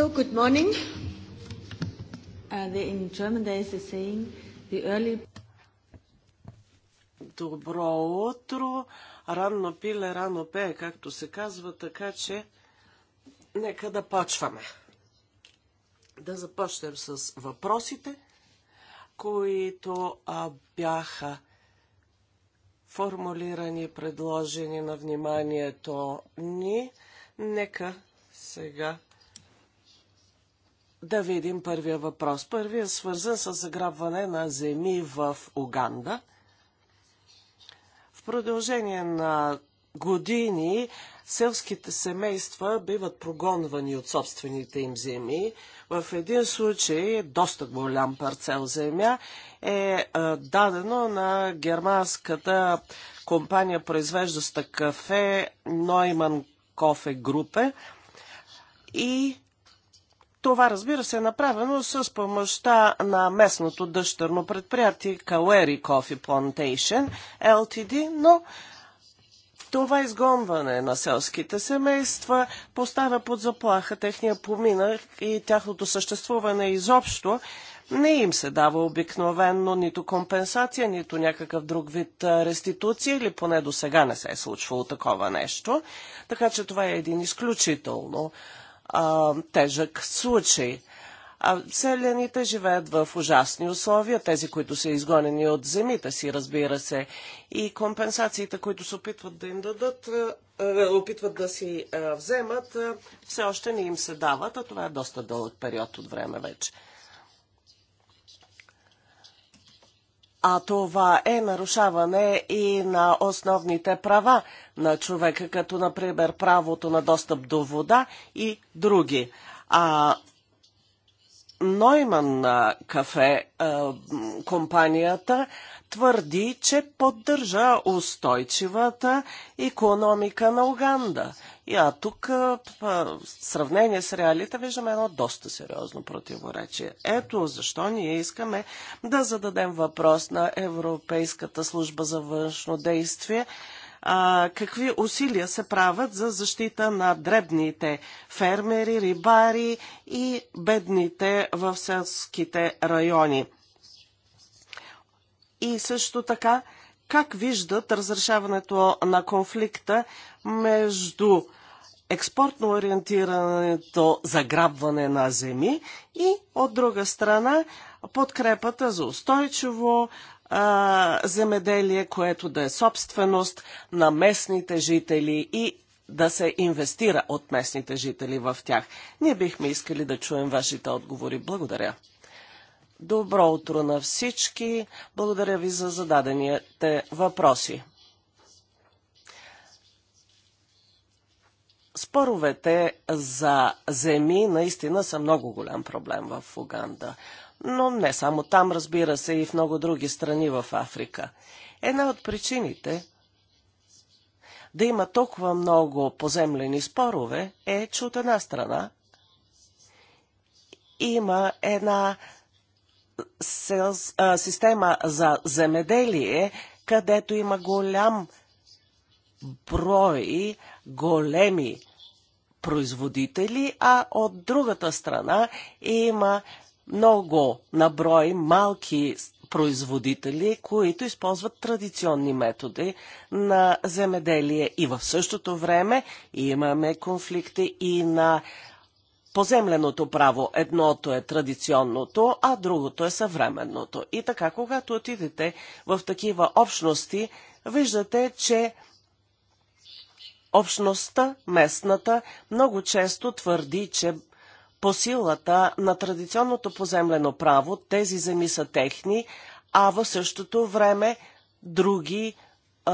So, good morning. Uh, the, in German there is a saying, the early... Добро утро! Рано пиле, рано пее, както се казва, така че нека да почваме. Да започнем с въпросите, които а, бяха формулирани, предложени на вниманието ни. Нека сега да видим първия въпрос. Първия е свързан с заграбване на земи в Уганда. В продължение на години селските семейства биват прогонвани от собствените им земи. В един случай, доста голям парцел земя, е, е дадено на германската компания, произвеждаща кафе Нойман Кофе Групе и това, разбира се, е направено с помощта на местното дъщерно предприятие Калери Coffee Plantation LTD, но това изгонване на селските семейства поставя под заплаха техния поминък и тяхното съществуване изобщо. Не им се дава обикновенно нито компенсация, нито някакъв друг вид реституция, или поне до сега не се е случвало такова нещо. Така че това е един изключително а, тежък случай. А селяните живеят в ужасни условия, тези, които са изгонени от земите си, разбира се. И компенсациите, които се опитват да им дадат, опитват да си вземат, все още не им се дават, а това е доста дълъг период от време вече. а това е нарушаване и на основните права на човека, като например правото на достъп до вода и други. А Нойман кафе, компанията, твърди, че поддържа устойчивата економика на Уганда. И а тук в сравнение с реалите виждаме едно доста сериозно противоречие. Ето защо ние искаме да зададем въпрос на Европейската служба за външно действие а, какви усилия се правят за защита на дребните фермери, рибари и бедните в селските райони и също така как виждат разрешаването на конфликта между експортно ориентирането заграбване на земи и от друга страна подкрепата за устойчиво а, земеделие, което да е собственост на местните жители и да се инвестира от местните жители в тях. Ние бихме искали да чуем вашите отговори. Благодаря. Добро утро на всички. Благодаря ви за зададените въпроси. Споровете за земи наистина са много голям проблем в Уганда. Но не само там, разбира се, и в много други страни в Африка. Една от причините да има толкова много поземлени спорове е, че от една страна има една система за земеделие, където има голям брой големи производители, а от другата страна има много наброй малки производители, които използват традиционни методи на земеделие. И в същото време имаме конфликти и на поземленото право. Едното е традиционното, а другото е съвременното. И така, когато отидете в такива общности, виждате, че общността, местната, много често твърди, че по силата на традиционното поземлено право тези земи са техни, а в същото време други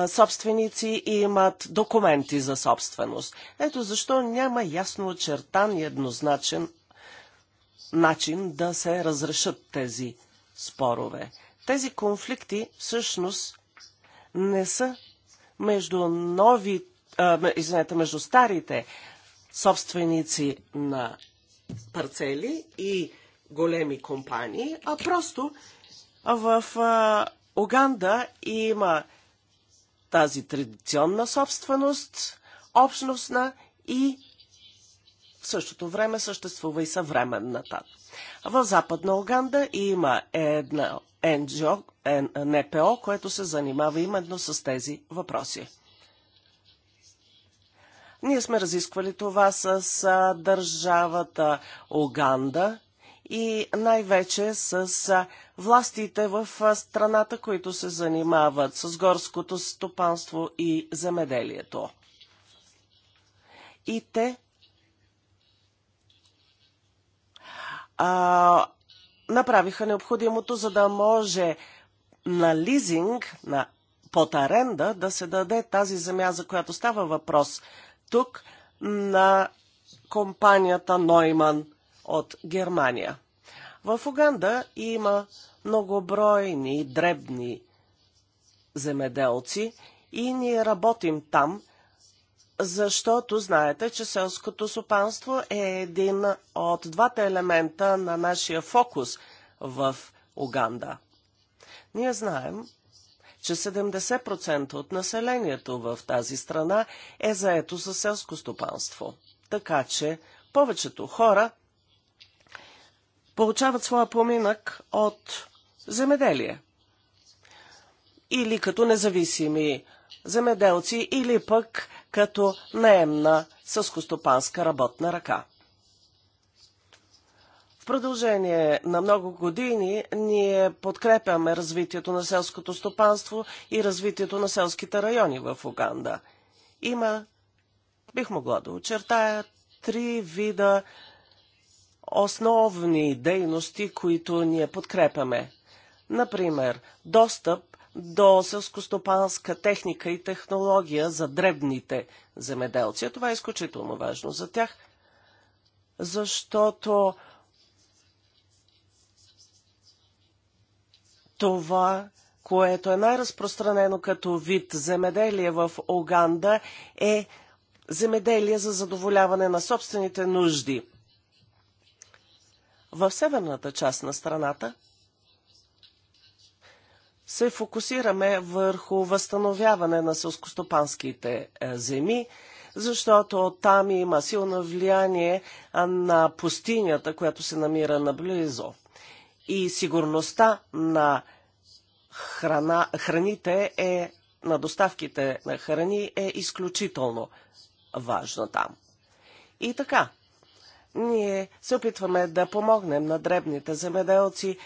собственици и имат документи за собственост. Ето защо няма ясно очертан и еднозначен начин да се разрешат тези спорове. Тези конфликти всъщност не са между нови, а, извинете, между старите собственици на парцели и големи компании, а просто в а, Уганда има тази традиционна собственост, общностна и в същото време съществува и съвременната. В Западна Оганда има една НГО, НПО, което се занимава именно с тези въпроси. Ние сме разисквали това с държавата Оганда и най-вече с властите в страната, които се занимават с горското стопанство и земеделието. И те а, направиха необходимото, за да може на лизинг, на под аренда, да се даде тази земя, за която става въпрос тук, на компанията Нойман – от Германия. В Уганда има многобройни дребни земеделци и ние работим там, защото знаете, че селското стопанство е един от двата елемента на нашия фокус в Уганда. Ние знаем, че 70% от населението в тази страна е заето със селско стопанство. Така че повечето хора получават своя поминък от земеделие. Или като независими земеделци, или пък като наемна съскостопанска работна ръка. В продължение на много години ние подкрепяме развитието на селското стопанство и развитието на селските райони в Уганда. Има, бих могла да очертая, три вида основни дейности, които ние подкрепяме. Например, достъп до селскостопанска техника и технология за дребните земеделци. Това е изключително важно за тях, защото това, което е най-разпространено като вид земеделие в Оганда, е земеделие за задоволяване на собствените нужди. В северната част на страната се фокусираме върху възстановяване на селскостопанските е, земи, защото там има силно влияние на пустинята, която се намира наблизо. И сигурността на храна, храните е, на доставките на храни е изключително важна там. И така, ние се опитваме да помогнем на дребните земеделци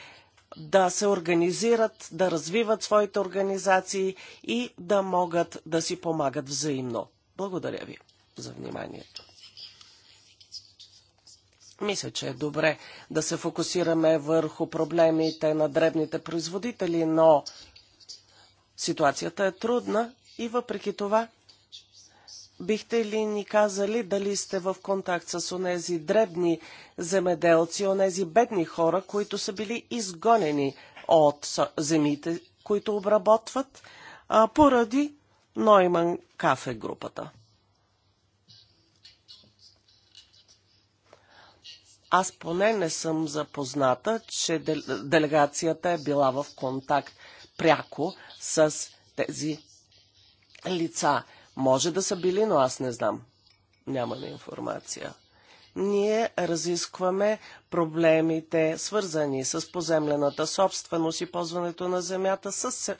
да се организират, да развиват своите организации и да могат да си помагат взаимно. Благодаря ви за вниманието. Мисля, че е добре да се фокусираме върху проблемите на дребните производители, но ситуацията е трудна и въпреки това бихте ли ни казали дали сте в контакт с онези дребни земеделци, онези бедни хора, които са били изгонени от земите, които обработват, а, поради Нойман Кафе групата? Аз поне не съм запозната, че делегацията е била в контакт пряко с тези лица. Може да са били, но аз не знам. Нямаме информация. Ние разискваме проблемите, свързани с поземлената собственост и ползването на земята с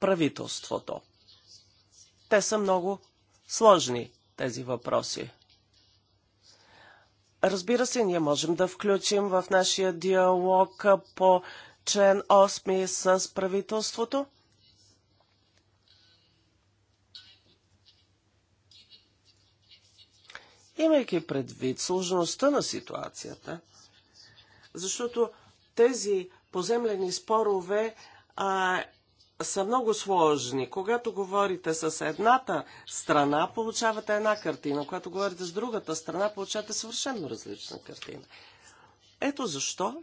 правителството. Те са много сложни, тези въпроси. Разбира се, ние можем да включим в нашия диалог по член 8 с правителството имайки предвид сложността на ситуацията, защото тези поземлени спорове а, са много сложни. Когато говорите с едната страна, получавате една картина. Когато говорите с другата страна, получавате съвършенно различна картина. Ето защо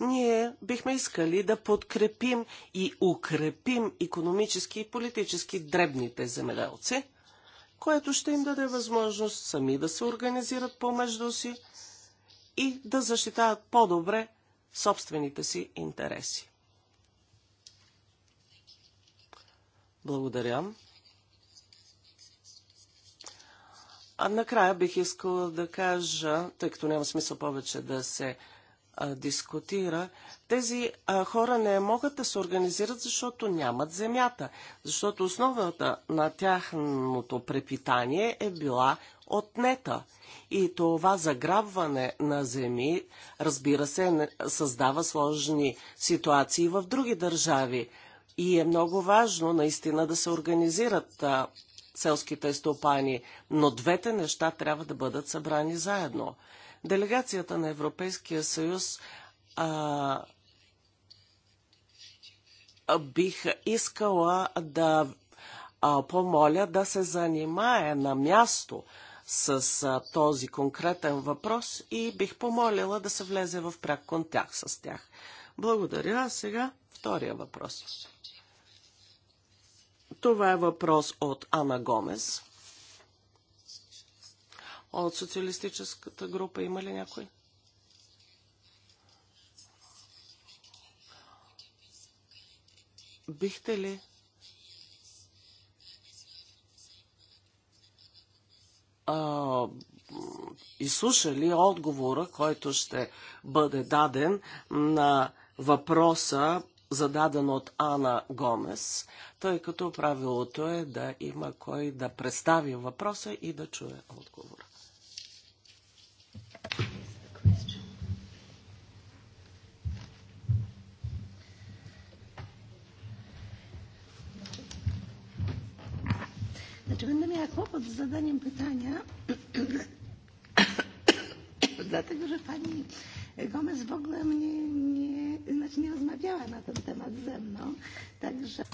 ние бихме искали да подкрепим и укрепим економически и политически дребните земеделци, което ще им даде възможност сами да се организират помежду си и да защитават по-добре собствените си интереси. Благодаря. А накрая бих искала да кажа, тъй като няма смисъл повече да се а, дискутира, тези а, хора не могат да се организират, защото нямат земята. Защото основата на тяхното препитание е била отнета. И това заграбване на земи, разбира се, създава сложни ситуации в други държави. И е много важно наистина да се организират а, селските стопани, но двете неща трябва да бъдат събрани заедно. Делегацията на Европейския съюз а, бих искала да а, помоля да се занимае на място с а, този конкретен въпрос и бих помолила да се влезе в пряк контакт с тях. Благодаря. А сега втория въпрос. Това е въпрос от Ана Гомес. От социалистическата група има ли някой? Бихте ли а, изслушали отговора, който ще бъде даден на въпроса, зададен от Ана Гомес, тъй като правилото е да има кой да представи въпроса и да чуе отговора. Znaczy będę miała kłopot z zadaniem pytania, dlatego że pani Gomez w ogóle mnie nie, znaczy nie rozmawiała na ten temat ze mną, także...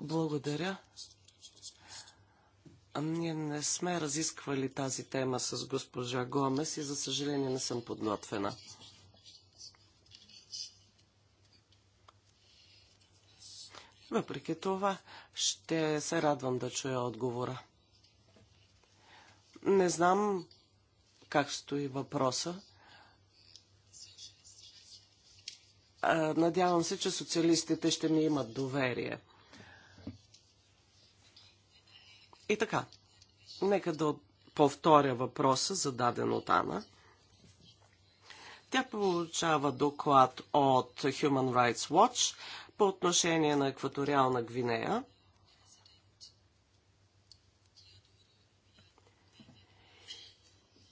Благодаря. Ние не сме разисквали тази тема с госпожа Гомес и за съжаление не съм подготвена. Въпреки това, ще се радвам да чуя отговора. Не знам как стои въпроса. Надявам се, че социалистите ще ми имат доверие. И така, нека да повторя въпроса, зададен от Ана. Тя получава доклад от Human Rights Watch по отношение на екваториална Гвинея.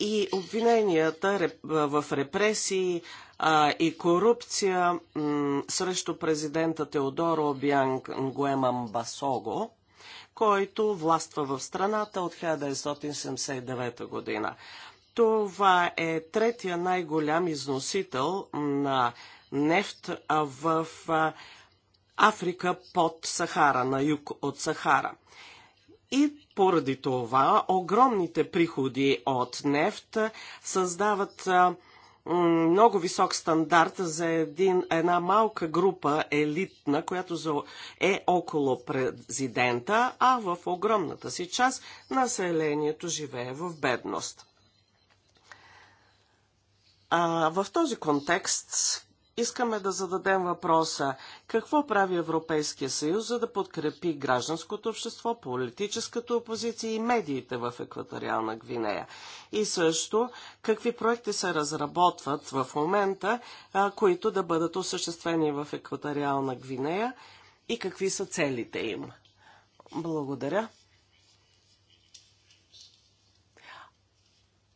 И обвиненията в репресии и корупция срещу президента Теодоро Бянг Нгуемам Басого – който властва в страната от 1979 година. Това е третия най-голям износител на нефт в Африка под Сахара, на юг от Сахара. И поради това огромните приходи от нефт създават много висок стандарт за един, една малка група елитна, която е около президента, а в огромната си част населението живее в бедност. А, в този контекст искаме да зададем въпроса какво прави Европейския съюз, за да подкрепи гражданското общество, политическата опозиция и медиите в екваториална Гвинея. И също какви проекти се разработват в момента, а, които да бъдат осъществени в екваториална Гвинея и какви са целите им. Благодаря.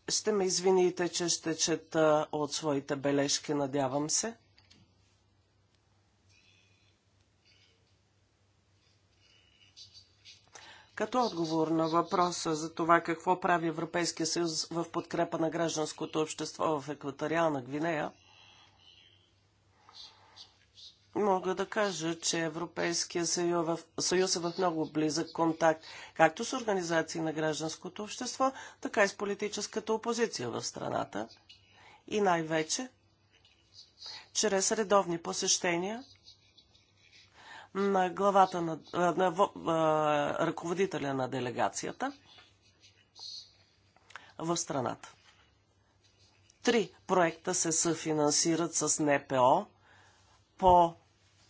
Ще ме извините, че ще чета от своите бележки, надявам се. Като отговор на въпроса за това какво прави Европейския съюз в подкрепа на гражданското общество в екваториална Гвинея, мога да кажа, че Европейския съюз е в много близък контакт както с организации на гражданското общество, така и с политическата опозиция в страната и най-вече чрез редовни посещения – на главата на, на, на, на ръководителя на делегацията в страната. Три проекта се съфинансират с НПО по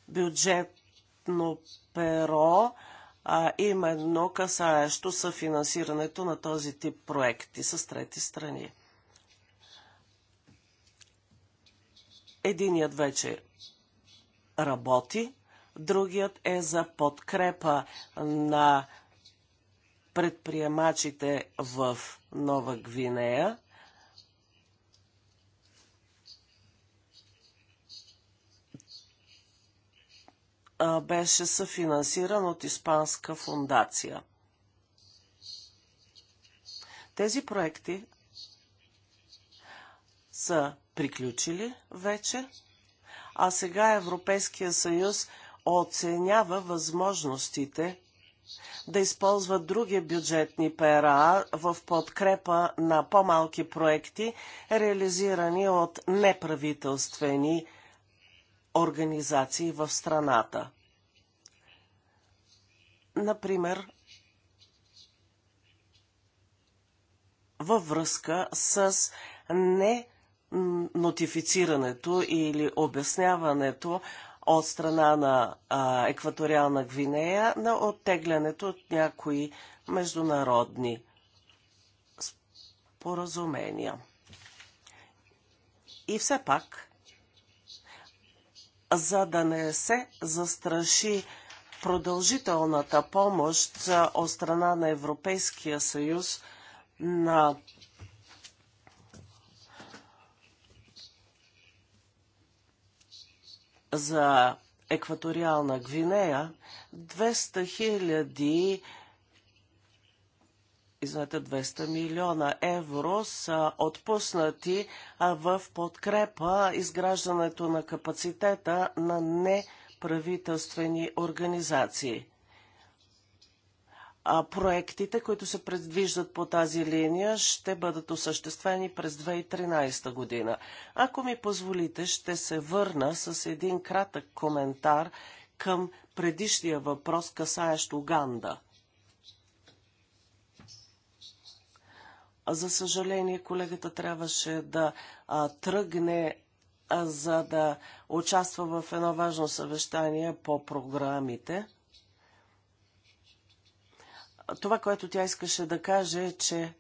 бюджетно перо, а именно касаещо съфинансирането на този тип проекти с трети страни. Единият вече работи, другият е за подкрепа на предприемачите в Нова Гвинея. беше съфинансиран от Испанска фундация. Тези проекти са приключили вече, а сега Европейския съюз – оценява възможностите да използват други бюджетни пера в подкрепа на по-малки проекти, реализирани от неправителствени организации в страната. Например, във връзка с не нотифицирането или обясняването от страна на а, екваториална Гвинея на оттеглянето от някои международни споразумения. И все пак, за да не се застраши продължителната помощ от страна на Европейския съюз на за екваториална Гвинея 200 хиляди извинете, 200 милиона евро са отпуснати в подкрепа изграждането на капацитета на неправителствени организации а, проектите, които се предвиждат по тази линия, ще бъдат осъществени през 2013 година. Ако ми позволите, ще се върна с един кратък коментар към предишния въпрос, касаещ Уганда. За съжаление, колегата трябваше да а, тръгне а, за да участва в едно важно съвещание по програмите – това, което тя искаше да каже е, че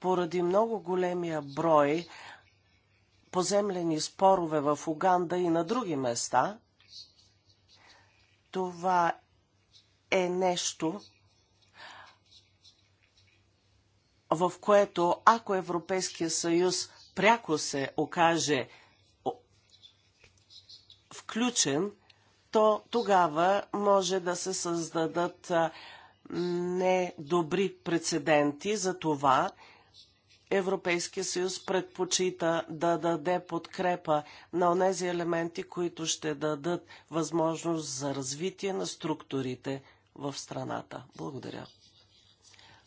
поради много големия брой поземлени спорове в Уганда и на други места, това е нещо, в което ако Европейския съюз пряко се окаже включен, то тогава може да се създадат недобри прецеденти за това Европейския съюз предпочита да даде подкрепа на онези елементи, които ще дадат възможност за развитие на структурите в страната. Благодаря.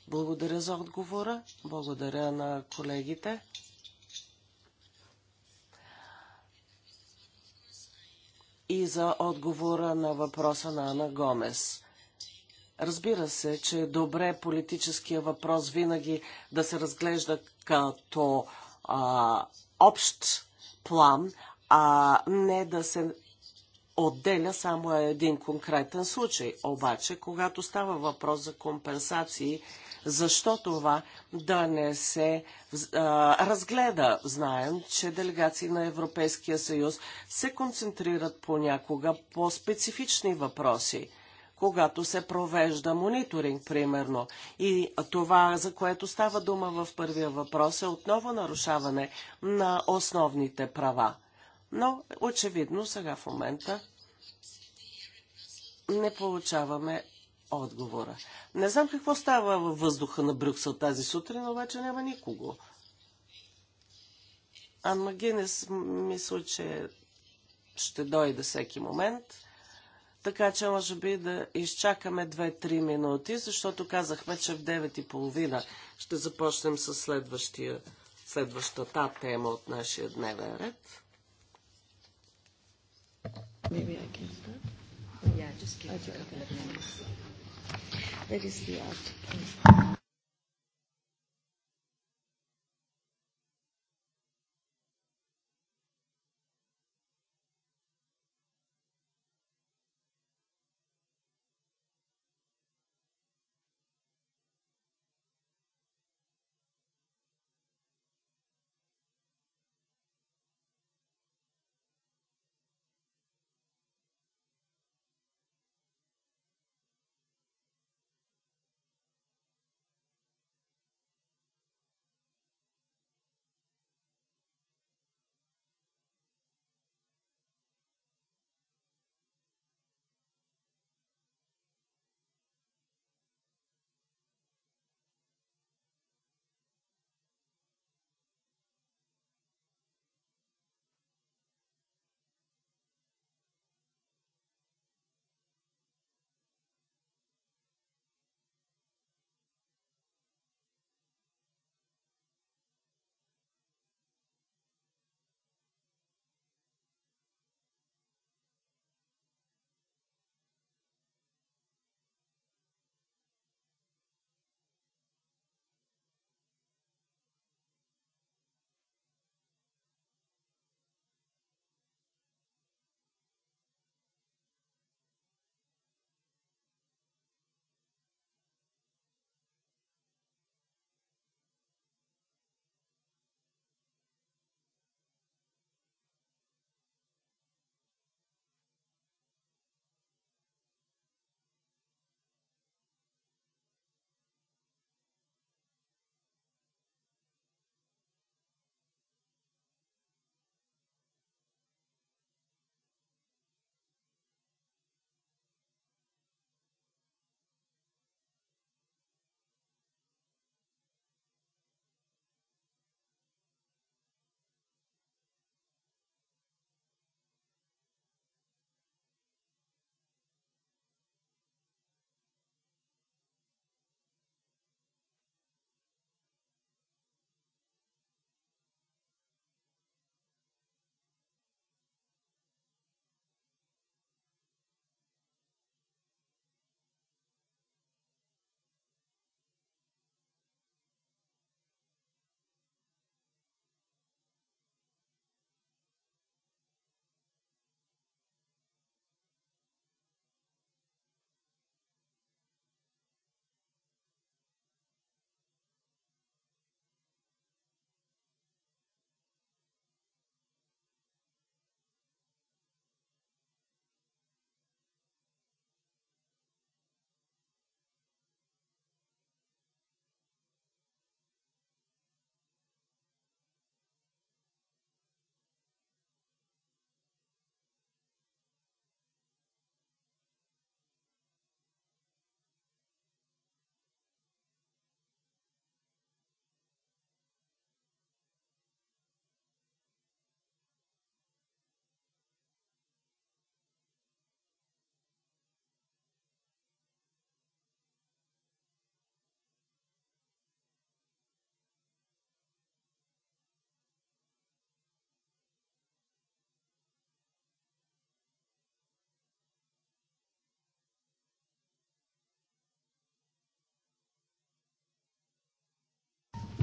Благодаря за отговора. Благодаря на колегите. И за отговора на въпроса на Ана Гомес. Разбира се, че е добре политическия въпрос винаги да се разглежда като а, общ план, а не да се отделя само един конкретен случай. Обаче, когато става въпрос за компенсации, защо това да не се а, разгледа? Знаем, че делегации на Европейския съюз се концентрират понякога по специфични въпроси – когато се провежда мониторинг, примерно. И това, за което става дума в първия въпрос, е отново нарушаване на основните права. Но, очевидно, сега в момента не получаваме отговора. Не знам какво става във въздуха на Брюксел тази сутрин, но обаче няма никого. Анна Гинес мисля, че ще дойде всеки момент. Така че може би да изчакаме 2-3 минути, защото казахме, че в 9.30 ще започнем с следващия, следващата тема от нашия дневен ред. Maybe I can start. Yeah, just give it a couple of minutes. That is the art.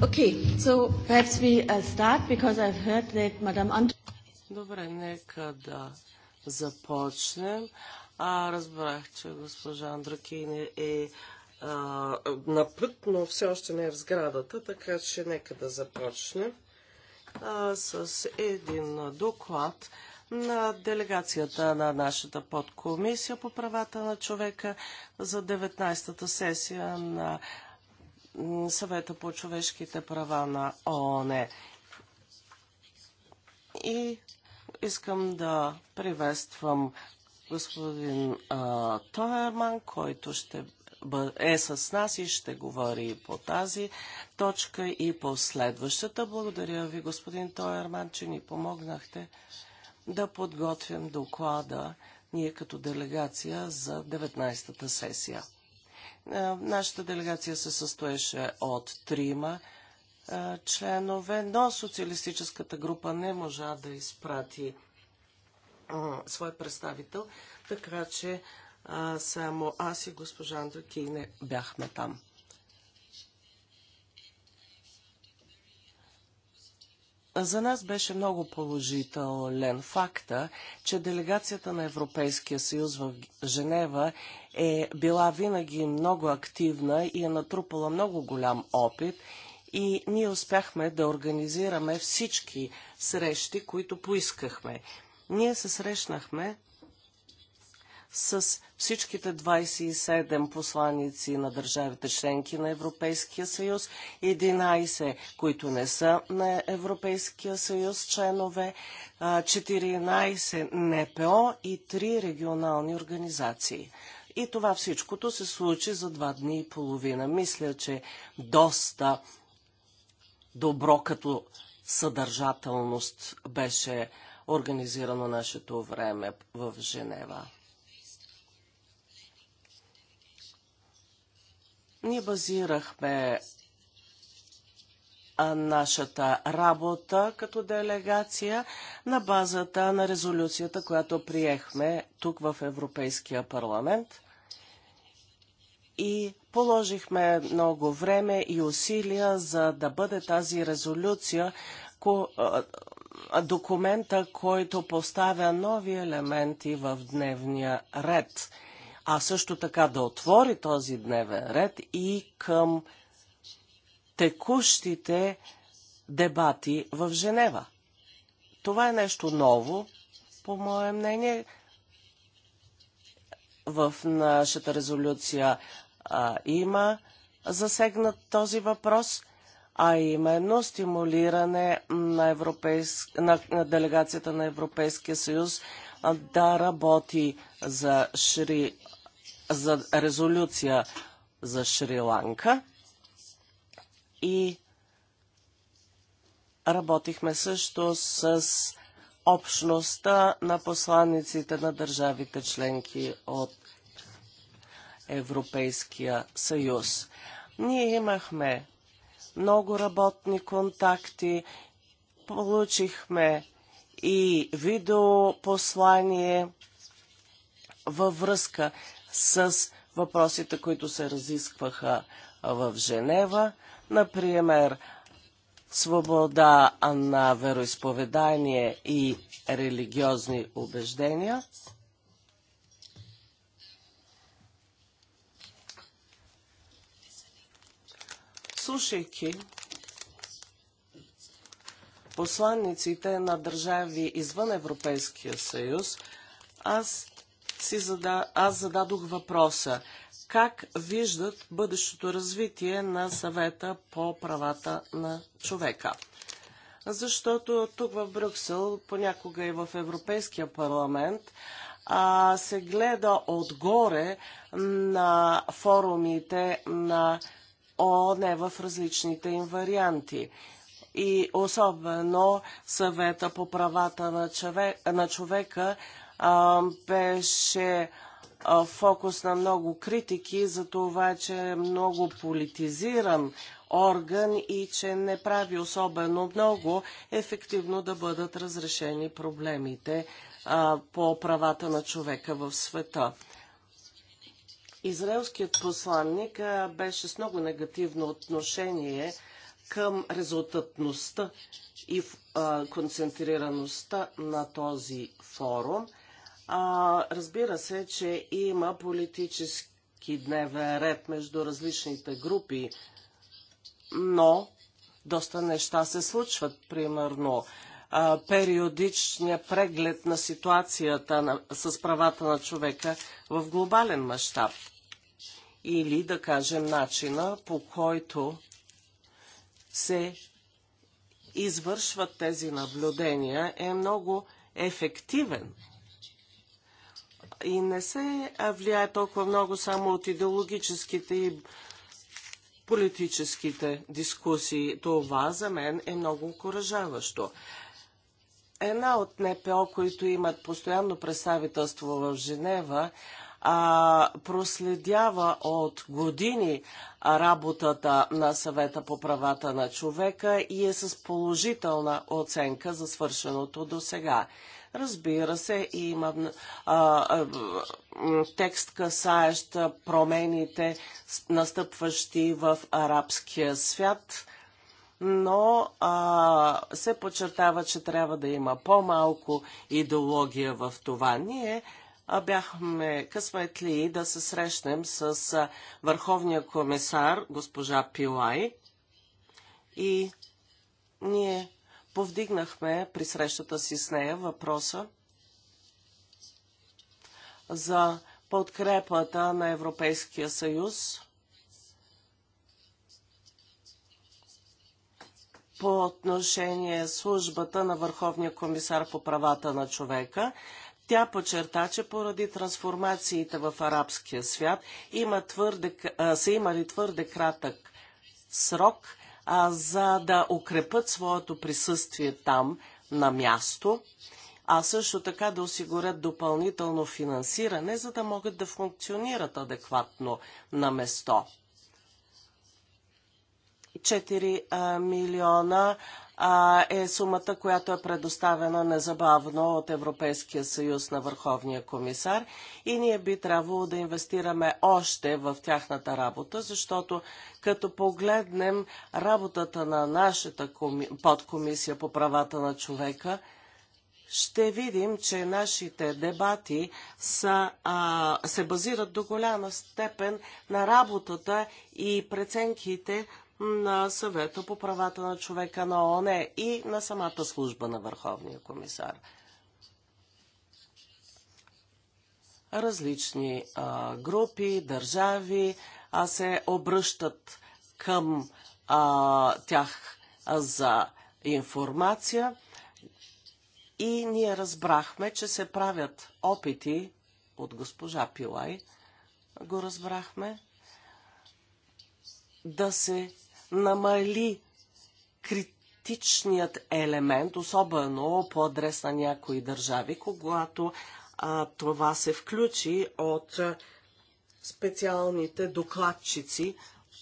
Okay, so perhaps we uh, start because I've heard that Madame Добре, нека да започнем. А, разбрах, че госпожа Андракин е, е а, на път, но все още не е в сградата, така че нека да започнем а, с един доклад на делегацията на нашата подкомисия по правата на човека за 19-та сесия на съвета по човешките права на ООН. И искам да приветствам господин Тоерман, Тойерман, който ще е с нас и ще говори по тази точка и по следващата. Благодаря ви, господин Тойерман, че ни помогнахте да подготвим доклада ние като делегация за 19-та сесия. Е, нашата делегация се състоеше от трима е, членове, но социалистическата група не можа да изпрати е, свой представител, така че само аз и госпожа Андрекине бяхме там. За нас беше много положителен факта, че делегацията на Европейския съюз в Женева е била винаги много активна и е натрупала много голям опит и ние успяхме да организираме всички срещи, които поискахме. Ние се срещнахме с всичките 27 посланици на държавите членки на Европейския съюз, 11, които не са на Европейския съюз членове, 14 НПО и 3 регионални организации. И това всичкото се случи за два дни и половина. Мисля, че доста добро като съдържателност беше организирано нашето време в Женева. Ние базирахме нашата работа като делегация на базата на резолюцията, която приехме тук в Европейския парламент и положихме много време и усилия за да бъде тази резолюция документа, който поставя нови елементи в дневния ред – а също така да отвори този дневен ред и към текущите дебати в Женева. Това е нещо ново, по мое мнение. В нашата резолюция а, има засегнат този въпрос, а именно стимулиране на, европейс... на, на делегацията на Европейския съюз да работи за Шри за резолюция за Шри-Ланка и работихме също с общността на посланниците на държавите членки от Европейския съюз. Ние имахме много работни контакти, получихме и видеопослание във връзка с въпросите, които се разискваха в Женева. Например, свобода на вероисповедание и религиозни убеждения. Слушайки посланниците на държави извън Европейския съюз, аз си зада... аз зададох въпроса как виждат бъдещото развитие на съвета по правата на човека. Защото тук в Брюксел, понякога и в Европейския парламент, а, се гледа отгоре на форумите на ООН в различните им варианти. И особено съвета по правата на, човек, на човека беше фокус на много критики за това, че е много политизиран орган и че не прави особено много ефективно да бъдат разрешени проблемите а, по правата на човека в света. Израелският посланник а, беше с много негативно отношение към резултатността и а, концентрираността на този форум – а, разбира се, че има политически дневен ред между различните групи, но доста неща се случват. Примерно, Периодичният периодичния преглед на ситуацията на, с правата на човека в глобален мащаб. Или, да кажем, начина по който се извършват тези наблюдения е много ефективен и не се влияе толкова много само от идеологическите и политическите дискусии. Това за мен е много окоръжаващо. Една от НПО, които имат постоянно представителство в Женева, а, проследява от години работата на съвета по правата на човека и е с положителна оценка за свършеното до сега. Разбира се, има а, а, текст касаещ промените, настъпващи в арабския свят, но а, се подчертава, че трябва да има по-малко идеология в това. Ние бяхме късметли да се срещнем с върховния комисар госпожа Пилай и ние Повдигнахме при срещата си с нея въпроса за подкрепата на Европейския съюз по отношение службата на Върховния комисар по правата на човека. Тя подчерта, че поради трансформациите в арабския свят има твърде, са имали твърде кратък срок а, за да укрепят своето присъствие там на място, а също така да осигурят допълнително финансиране, за да могат да функционират адекватно на место. 4 а, милиона е сумата, която е предоставена незабавно от Европейския съюз на Върховния комисар и ние би трябвало да инвестираме още в тяхната работа, защото като погледнем работата на нашата подкомисия по правата на човека, ще видим, че нашите дебати са, а, се базират до голяма степен на работата и преценките на съвета по правата на човека на ООН и на самата служба на Върховния комисар. Различни а, групи, държави а се обръщат към а, тях за информация и ние разбрахме, че се правят опити от госпожа Пилай, го разбрахме, да се намали критичният елемент, особено по адрес на някои държави, когато а, това се включи от специалните докладчици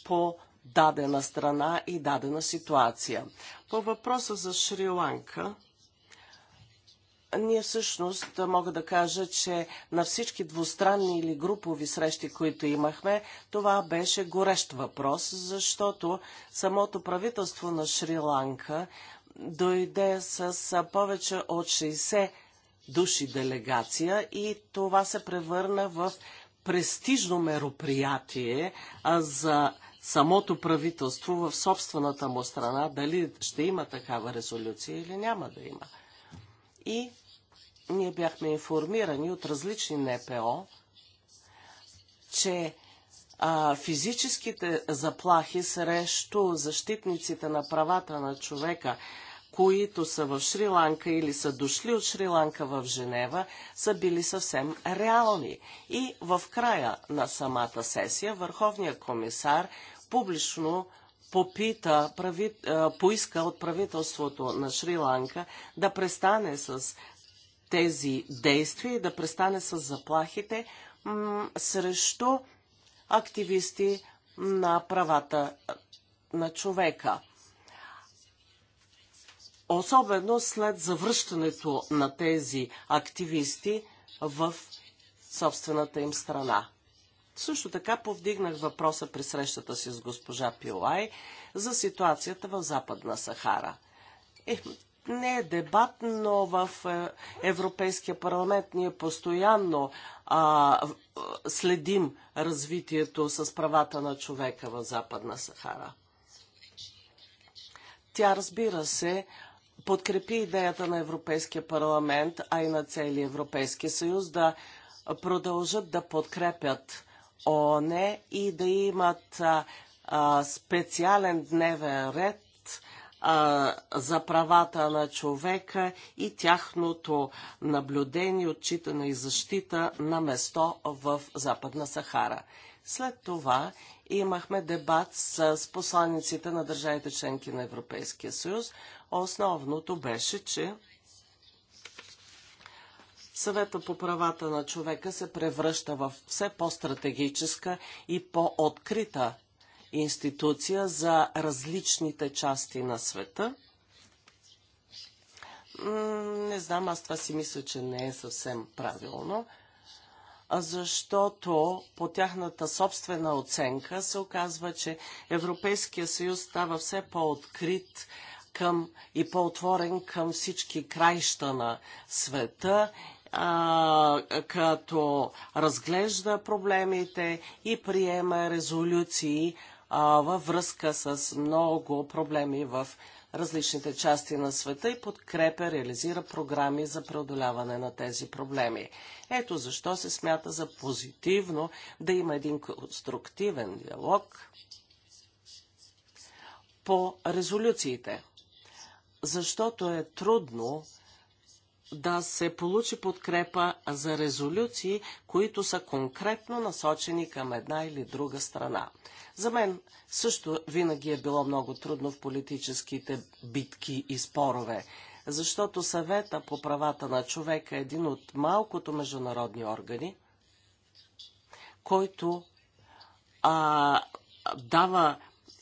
по дадена страна и дадена ситуация. По въпроса за Шри-Ланка, ние всъщност мога да кажа, че на всички двустранни или групови срещи, които имахме, това беше горещ въпрос, защото самото правителство на Шри-Ланка дойде с повече от 60 души делегация и това се превърна в престижно мероприятие за самото правителство в собствената му страна, дали ще има такава резолюция или няма да има. И ние бяхме информирани от различни НПО, че а, физическите заплахи срещу защитниците на правата на човека, които са в Шри-Ланка или са дошли от Шри-Ланка в Женева, са били съвсем реални. И в края на самата сесия Върховният комисар публично попита, прави, поиска от правителството на Шри-Ланка да престане с тези действия и да престане с заплахите срещу активисти на правата на човека. Особено след завръщането на тези активисти в собствената им страна. Също така повдигнах въпроса при срещата си с госпожа Пилай за ситуацията в Западна Сахара. И е, не е дебат, но в е, Европейския парламент ние постоянно а, е, следим развитието с правата на човека в Западна Сахара. Тя, разбира се, подкрепи идеята на Европейския парламент, а и на целия Европейски съюз да продължат да подкрепят ООН и да имат а, специален дневен ред а, за правата на човека и тяхното наблюдение, отчитане и защита на место в Западна Сахара. След това имахме дебат с посланиците на държавите членки на Европейския съюз. Основното беше, че Съвета по правата на човека се превръща в все по-стратегическа и по-открита институция за различните части на света. Не знам, аз това си мисля, че не е съвсем правилно, защото по тяхната собствена оценка се оказва, че Европейския съюз става все по-открит към и по-отворен към всички краища на света а, като разглежда проблемите и приема резолюции а, във връзка с много проблеми в различните части на света и подкрепя, реализира програми за преодоляване на тези проблеми. Ето защо се смята за позитивно да има един конструктивен диалог по резолюциите. Защото е трудно да се получи подкрепа за резолюции, които са конкретно насочени към една или друга страна. За мен също винаги е било много трудно в политическите битки и спорове, защото съвета по правата на човека е един от малкото международни органи, който а, дава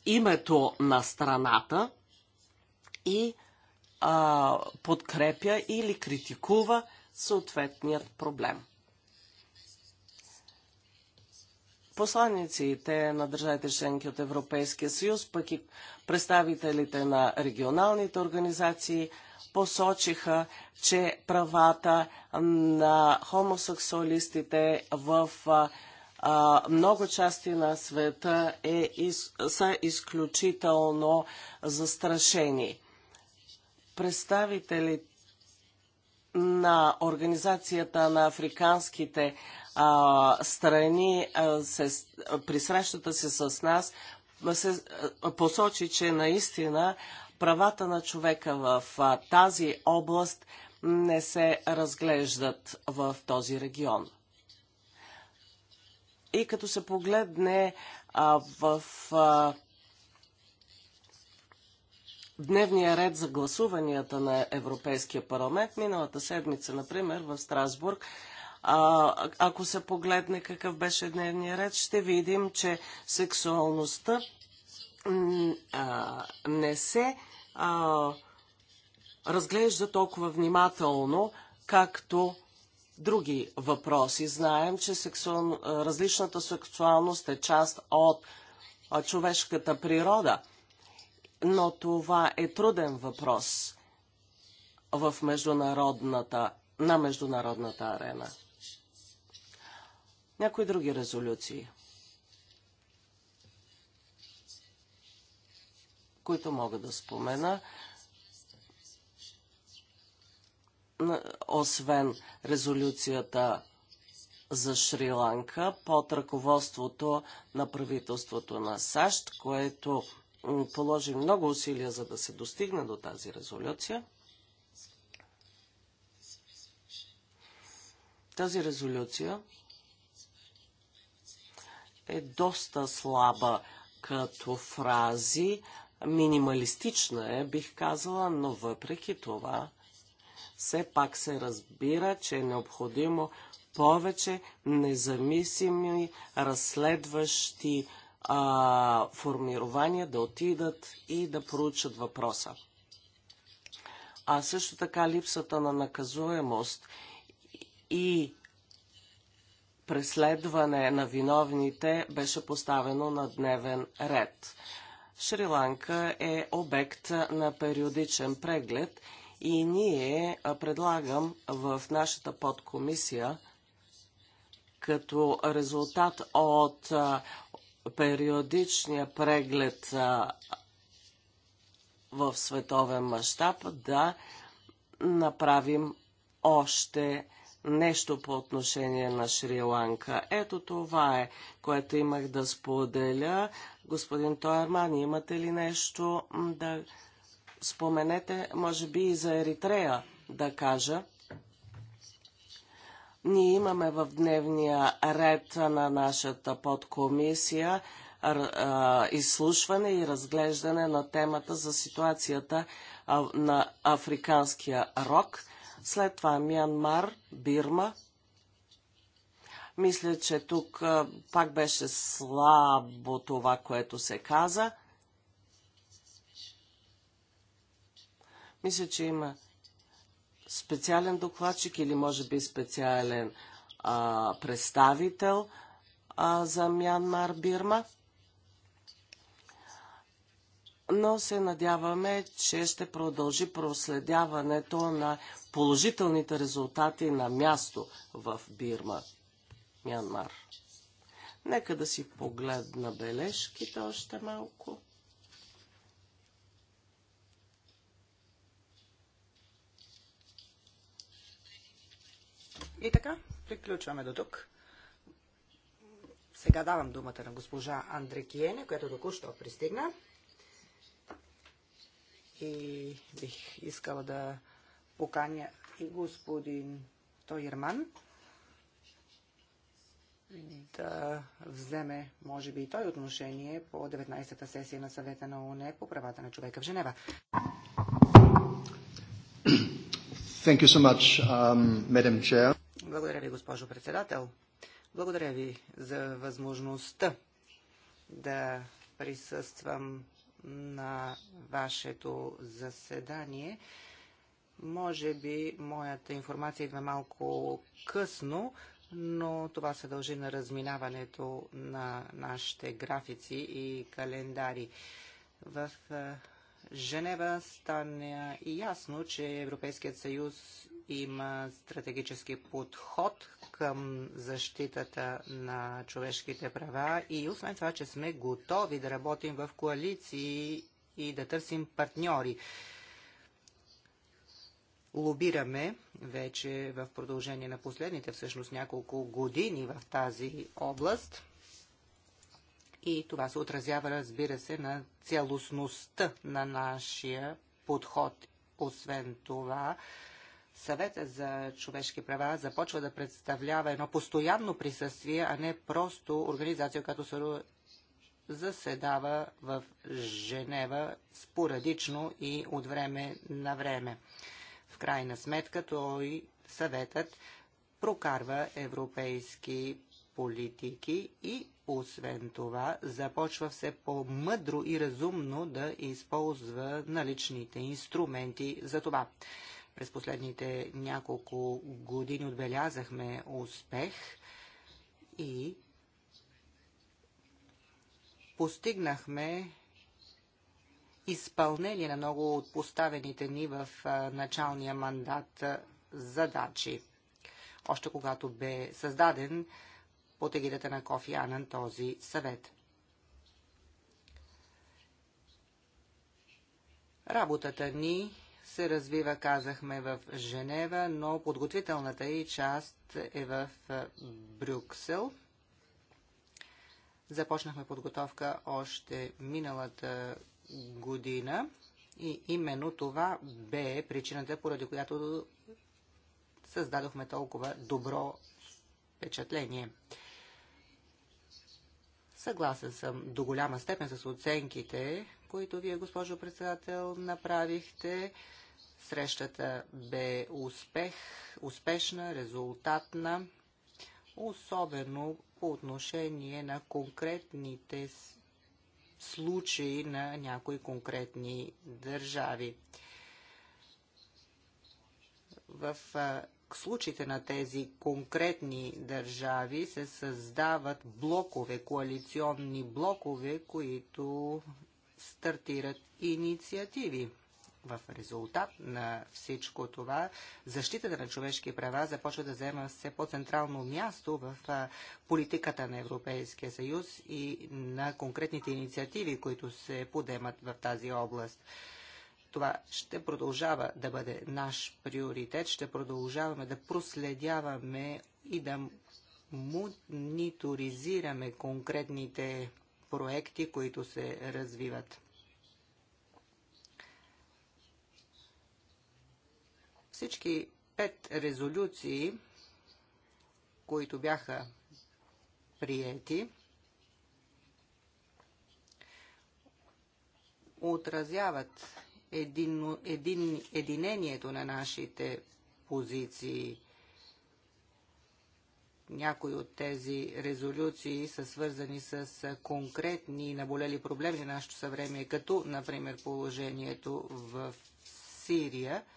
името на страната и а, подкрепя или критикува съответният проблем. Посланиците на държавите членки от Европейския съюз, пък и представителите на регионалните организации посочиха, че правата на хомосексуалистите в а, много части на света е, из, са изключително застрашени представители на Организацията на африканските а, страни а, се, при срещата си с нас се а, посочи, че наистина правата на човека в а, тази област не се разглеждат в този регион. И като се погледне а, в а, дневния ред за гласуванията на Европейския парламент. Миналата седмица, например, в Страсбург, а, ако се погледне какъв беше дневния ред, ще видим, че сексуалността а, не се а, разглежда толкова внимателно, както други въпроси. Знаем, че сексуал... различната сексуалност е част от човешката природа – но това е труден въпрос в международната, на международната арена. Някои други резолюции, които мога да спомена, освен резолюцията за Шри-Ланка под ръководството на правителството на САЩ, което положи много усилия, за да се достигне до тази резолюция. Тази резолюция е доста слаба като фрази, минималистична е, бих казала, но въпреки това все пак се разбира, че е необходимо повече независими разследващи а, формирования да отидат и да проучат въпроса. А също така липсата на наказуемост и преследване на виновните беше поставено на дневен ред. Шри-Ланка е обект на периодичен преглед и ние предлагам в нашата подкомисия като резултат от периодичния преглед а, в световен мащаб да направим още нещо по отношение на Шри-Ланка. Ето това е, което имах да споделя. Господин Тойерман, имате ли нещо да споменете, може би и за Еритрея да кажа? Ние имаме в дневния ред на нашата подкомисия изслушване и разглеждане на темата за ситуацията на африканския рок. След това Мянмар, Бирма. Мисля, че тук пак беше слабо това, което се каза. Мисля, че има специален докладчик или може би специален а, представител а, за Мянмар Бирма. Но се надяваме, че ще продължи проследяването на положителните резултати на място в Бирма, Мянмар. Нека да си погледна бележките още малко. И така, приключваме до тук. Сега давам думата на госпожа Андре Киене, която току-що пристигна. И бих искала да поканя и господин Тойерман да вземе, може би и той, отношение по 19-та сесия на съвета на ОНЕ по правата на човека в Женева. Thank you so much, um, Madam Chair. Благодаря ви, госпожо председател. Благодаря ви за възможността да присъствам на вашето заседание. Може би моята информация идва малко късно, но това се дължи на разминаването на нашите графици и календари. В Женева стане ясно, че Европейският съюз има стратегически подход към защитата на човешките права и освен това, че сме готови да работим в коалиции и да търсим партньори. Лобираме вече в продължение на последните всъщност няколко години в тази област и това се отразява, разбира се, на цялостността на нашия подход. Освен това, съвета за човешки права започва да представлява едно постоянно присъствие, а не просто организация, която се заседава в Женева спорадично и от време на време. В крайна сметка той съветът прокарва европейски политики и освен това започва все по-мъдро и разумно да използва наличните инструменти за това. През последните няколко години отбелязахме успех и постигнахме изпълнение на много от поставените ни в началния мандат задачи. Още когато бе създаден под егидата на Кофи Анан този съвет. Работата ни се развива, казахме, в Женева, но подготвителната и част е в Брюксел. Започнахме подготовка още миналата година и именно това бе причината, поради която създадохме толкова добро впечатление. Съгласен съм до голяма степен с оценките, които вие, госпожо председател, направихте. Срещата бе успех, успешна, резултатна, особено по отношение на конкретните случаи на някои конкретни държави. В случаите на тези конкретни държави се създават блокове, коалиционни блокове, които стартират инициативи. В резултат на всичко това, защитата на човешки права започва да взема все по-централно място в политиката на Европейския съюз и на конкретните инициативи, които се подемат в тази област. Това ще продължава да бъде наш приоритет, ще продължаваме да проследяваме и да мониторизираме конкретните проекти, които се развиват. Всички пет резолюции, които бяха приети, отразяват един, един, единението на нашите позиции. Някои от тези резолюции са свързани с конкретни и наболели проблеми на нашето съвремие, като, например, положението в Сирия –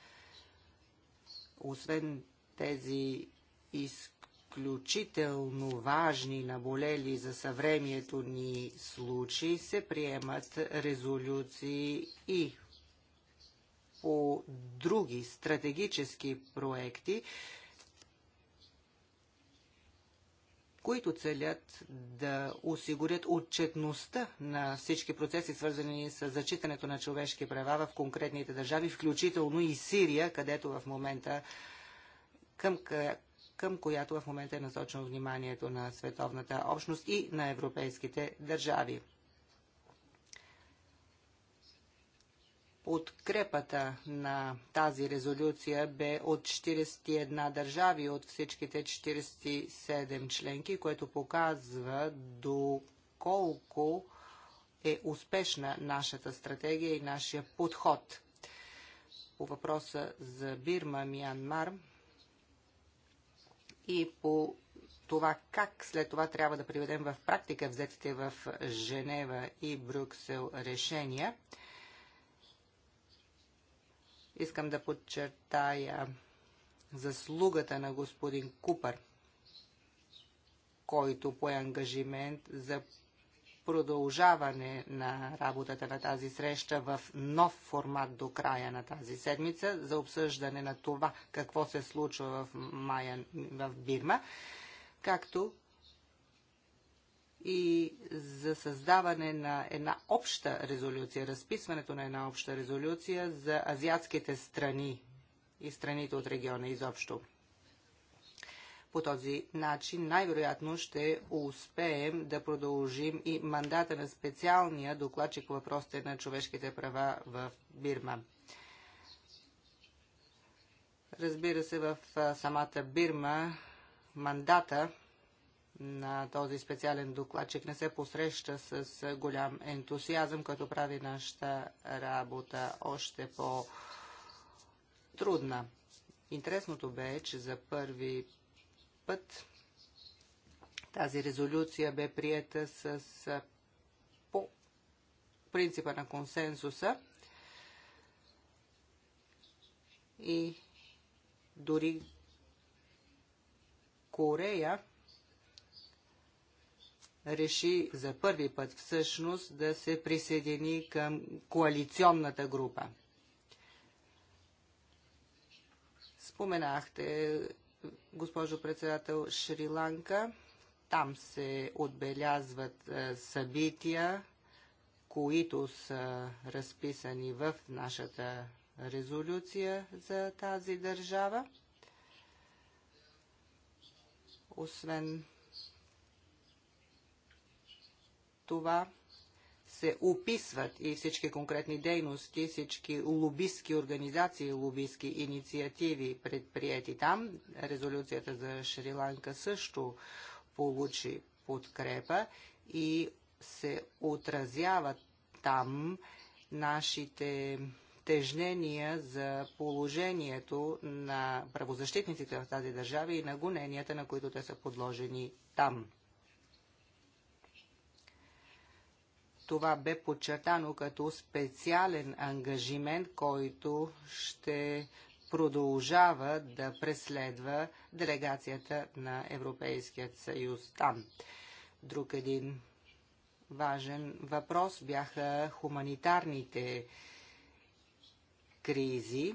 освен тези изключително важни наболели за съвремието ни случаи, се приемат резолюции и по други стратегически проекти, които целят да осигурят отчетността на всички процеси, свързани с зачитането на човешки права в конкретните държави, включително и Сирия, където в момента към, към която в момента е насочено вниманието на световната общност и на европейските държави. Подкрепата на тази резолюция бе от 41 държави от всичките 47 членки, което показва доколко е успешна нашата стратегия и нашия подход. По въпроса за Бирма, Мианмар. и по това как след това трябва да приведем в практика взетите в Женева и Брюксел решения – Искам да подчертая заслугата на господин Купър, който пое ангажимент за продължаване на работата на тази среща в нов формат до края на тази седмица за обсъждане на това какво се случва в, Майя, в Бирма, както и за създаване на една обща резолюция, разписването на една обща резолюция за азиатските страни и страните от региона изобщо. По този начин най-вероятно ще успеем да продължим и мандата на специалния докладчик по въпросите на човешките права в Бирма. Разбира се, в самата Бирма мандата на този специален докладчик не се посреща с голям ентусиазъм, като прави нашата работа още по-трудна. Интересното бе, че за първи път тази резолюция бе приета с по принципа на консенсуса и дори Корея реши за първи път всъщност да се присъедини към коалиционната група. Споменахте, госпожо председател, Шри-Ланка. Там се отбелязват е, събития, които са разписани в нашата резолюция за тази държава. Освен това се описват и всички конкретни дейности, всички лобистки организации, лобистки инициативи предприяти там. Резолюцията за Шри-Ланка също получи подкрепа и се отразяват там нашите тежнения за положението на правозащитниците в тази държава и на гоненията, на които те са подложени там. Това бе подчертано като специален ангажимент, който ще продължава да преследва делегацията на Европейския съюз там. Друг един важен въпрос бяха хуманитарните кризи,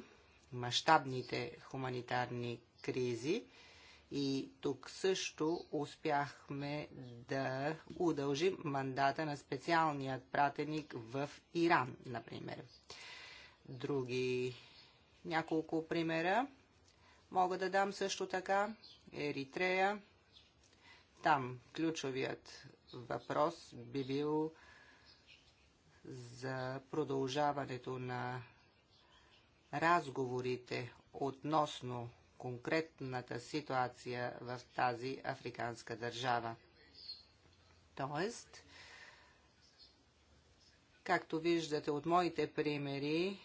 мащабните хуманитарни кризи. И тук също успяхме да удължим мандата на специалният пратеник в Иран, например. Други няколко примера мога да дам също така. Еритрея. Там ключовият въпрос би бил за продължаването на разговорите относно конкретната ситуация в тази африканска държава. Тоест, както виждате от моите примери,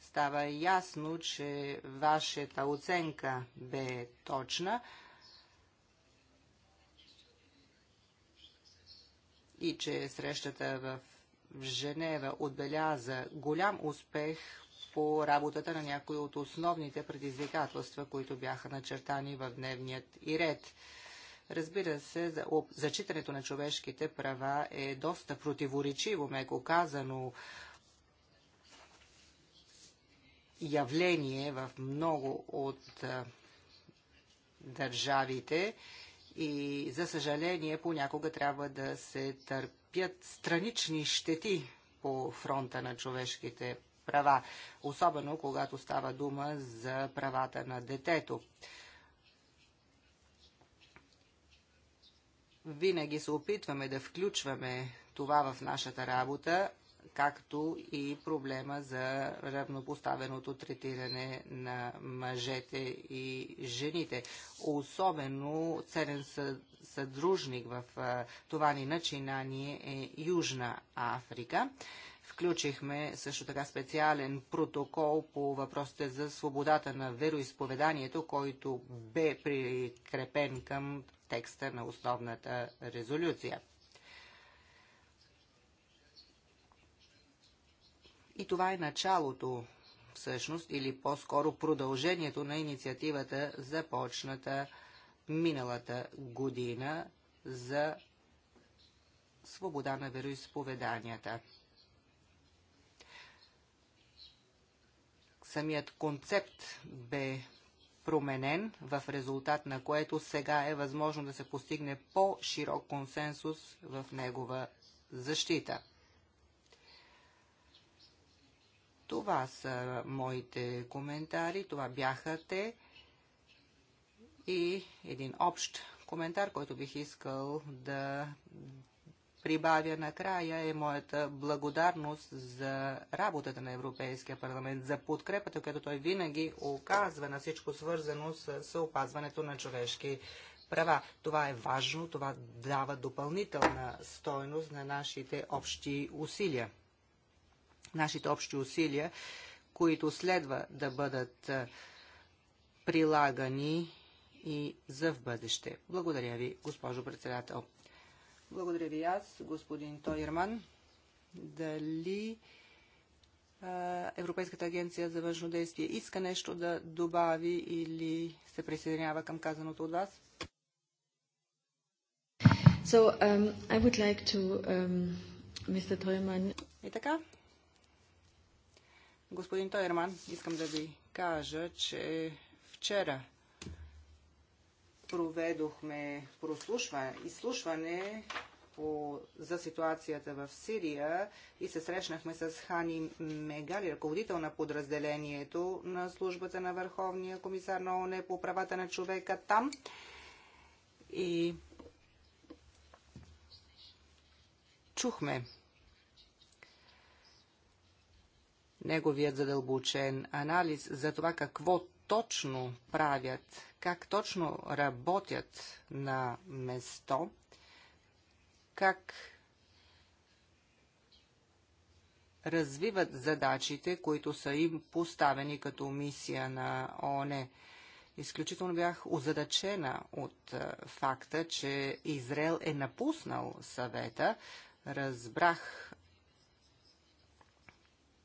става ясно, че вашата оценка бе точна и че срещата в Женева отбеляза голям успех по работата на някои от основните предизвикателства, които бяха начертани в дневният и ред. Разбира се, зачитането на човешките права е доста противоречиво, меко казано, явление в много от държавите и, за съжаление, понякога трябва да се търпят странични щети по фронта на човешките права, особено когато става дума за правата на детето. Винаги се опитваме да включваме това в нашата работа, както и проблема за равнопоставеното третиране на мъжете и жените. Особено ценен съдружник в това ни начинание е Южна Африка. Включихме също така специален протокол по въпросите за свободата на вероисповеданието, който бе прикрепен към текста на основната резолюция. И това е началото всъщност, или по-скоро продължението на инициативата, започната миналата година за свобода на вероисповеданията. самият концепт бе променен, в резултат на което сега е възможно да се постигне по-широк консенсус в негова защита. Това са моите коментари, това бяха те и един общ коментар, който бих искал да прибавя накрая е моята благодарност за работата на Европейския парламент, за подкрепата, която той винаги оказва на всичко свързано с опазването на човешки права. Това е важно, това дава допълнителна стойност на нашите общи усилия. Нашите общи усилия, които следва да бъдат прилагани и за в бъдеще. Благодаря ви, госпожо председател. Благодаря ви аз, господин Тойерман. Дали Европейската агенция за външно действие иска нещо да добави или се присъединява към казаното от вас? So, um, I would like to, um, Mr. И така, господин Тойерман, искам да ви кажа, че вчера проведохме прослушване, изслушване по, за ситуацията в Сирия и се срещнахме с Хани Мегали, ръководител на подразделението на службата на Върховния комисар на ОНЕ по правата на човека там. И чухме неговият задълбочен анализ за това какво точно правят как точно работят на место, как развиват задачите, които са им поставени като мисия на ООН. Изключително бях озадачена от е, факта, че Израел е напуснал съвета. Разбрах,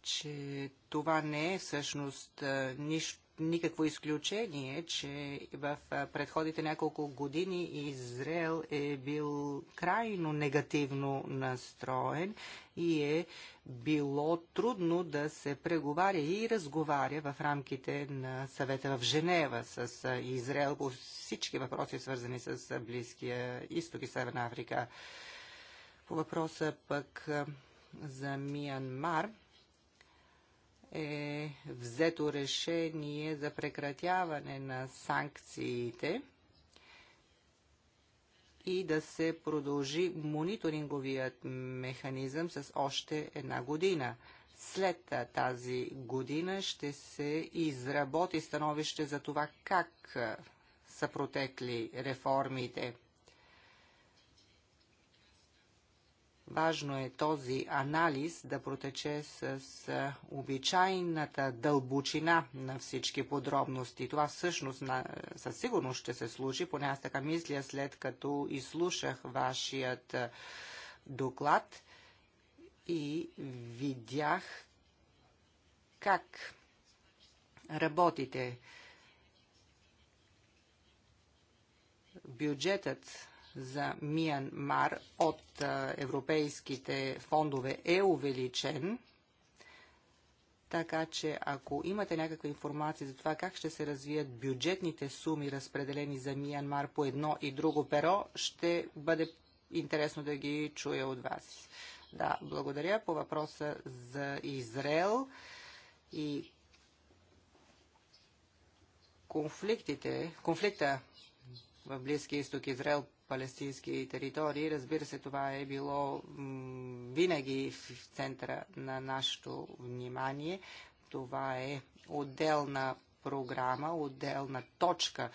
че това не е всъщност е, нищо никакво изключение, че в предходните няколко години Израел е бил крайно негативно настроен и е било трудно да се преговаря и разговаря в рамките на съвета в Женева с Израел по всички въпроси, свързани с Близкия изток и Северна Африка. По въпроса пък за Миянмар – е взето решение за прекратяване на санкциите и да се продължи мониторинговият механизъм с още една година. След тази година ще се изработи становище за това как са протекли реформите. Важно е този анализ да протече с обичайната дълбочина на всички подробности. Това всъщност със сигурност ще се случи, поне аз така мисля, след като изслушах вашият доклад и видях как работите. Бюджетът за Миянмар от европейските фондове е увеличен. Така че ако имате някаква информация за това как ще се развият бюджетните суми, разпределени за Миянмар по едно и друго перо, ще бъде интересно да ги чуя от вас. Да, благодаря по въпроса за Израел и конфликтите, конфликта в Близкия изток Израел палестински територии. Разбира се, това е било винаги в центъра на нашето внимание. Това е отделна програма, отделна точка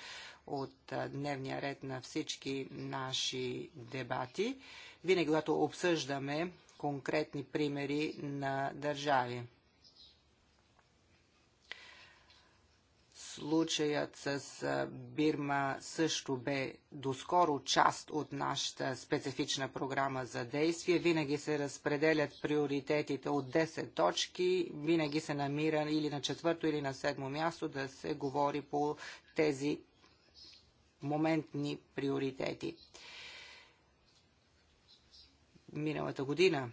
от дневния ред на всички наши дебати, винаги когато обсъждаме конкретни примери на държави. Случаят с Бирма също бе доскоро част от нашата специфична програма за действие. Винаги се разпределят приоритетите от 10 точки. Винаги се намира или на четвърто, или на седмо място да се говори по тези моментни приоритети. Миналата година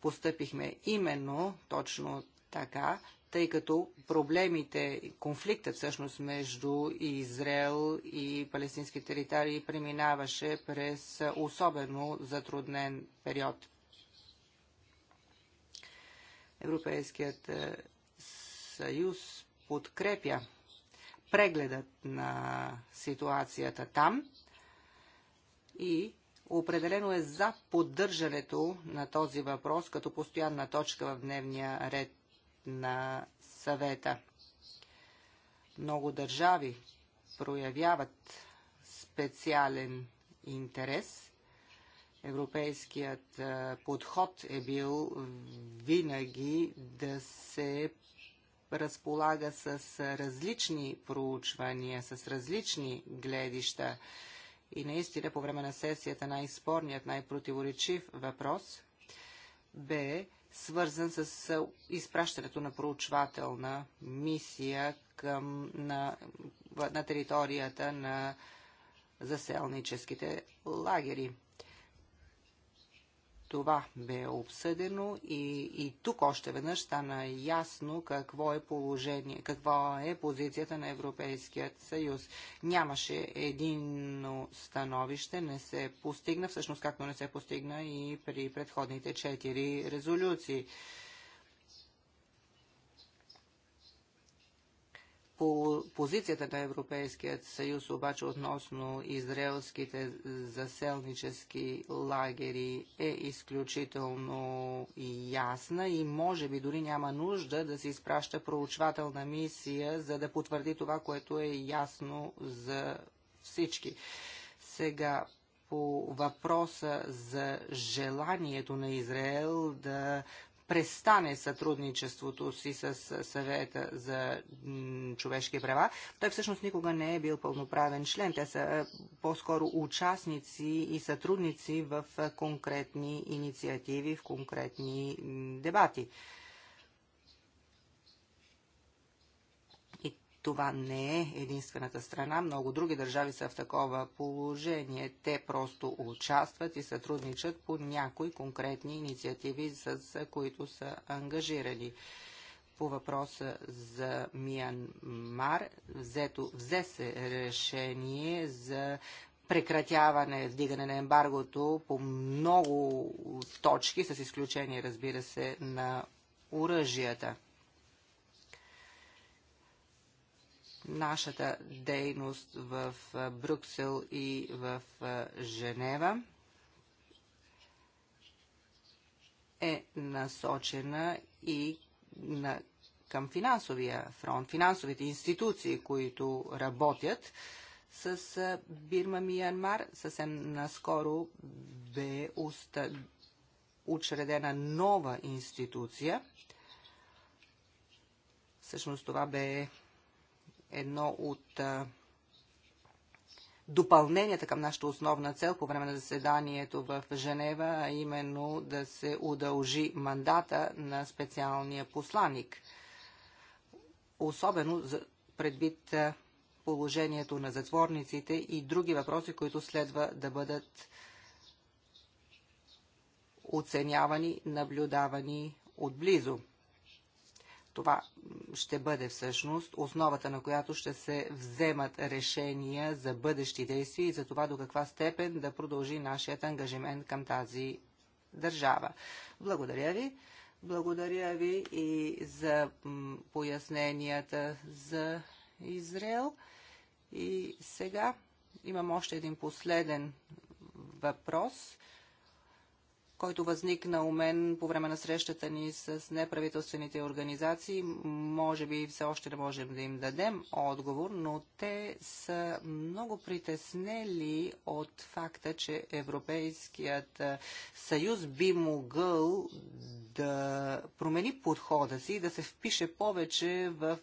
постъпихме именно точно така, тъй като проблемите, конфликтът всъщност между Израел и палестински територии преминаваше през особено затруднен период. Европейският е, съюз подкрепя прегледът на ситуацията там и определено е за поддържането на този въпрос като постоянна точка в дневния ред на съвета. Много държави проявяват специален интерес. Европейският подход е бил винаги да се разполага с различни проучвания, с различни гледища. И наистина по време на сесията най-спорният, най-противоречив въпрос бе свързан с изпращането на проучвателна мисия към, на, на територията на заселническите лагери. Това бе обсъдено и, и тук още веднъж стана ясно какво е положение, каква е позицията на Европейският съюз. Нямаше едино становище, не се постигна, всъщност както не се постигна и при предходните четири резолюции. По позицията на Европейският съюз обаче относно израелските заселнически лагери е изключително ясна и може би дори няма нужда да се изпраща проучвателна мисия, за да потвърди това, което е ясно за всички. Сега по въпроса за желанието на Израел да престане сътрудничеството си с съвета за човешки права. Той всъщност никога не е бил пълноправен член. Те са по-скоро участници и сътрудници в конкретни инициативи, в конкретни дебати. това не е единствената страна. Много други държави са в такова положение. Те просто участват и сътрудничат по някои конкретни инициативи, с които са ангажирани. По въпроса за Миянмар, взето, взе се решение за прекратяване, вдигане на ембаргото по много точки, с изключение, разбира се, на оръжията. нашата дейност в Брюксел и в Женева е насочена и на, към финансовия фронт, финансовите институции, които работят с Бирма Миянмар. Съвсем наскоро бе уста, учредена нова институция. Всъщност това бе едно от допълненията към нашата основна цел по време на заседанието в Женева, а именно да се удължи мандата на специалния посланник. Особено за предвид положението на затворниците и други въпроси, които следва да бъдат оценявани, наблюдавани отблизо. Това ще бъде всъщност основата, на която ще се вземат решения за бъдещи действия и за това до каква степен да продължи нашият ангажимент към тази държава. Благодаря ви. Благодаря ви и за поясненията за Израел. И сега имам още един последен въпрос – който възникна у мен по време на срещата ни с неправителствените организации. Може би все още не можем да им дадем отговор, но те са много притеснели от факта, че Европейският съюз би могъл да промени подхода си и да се впише повече в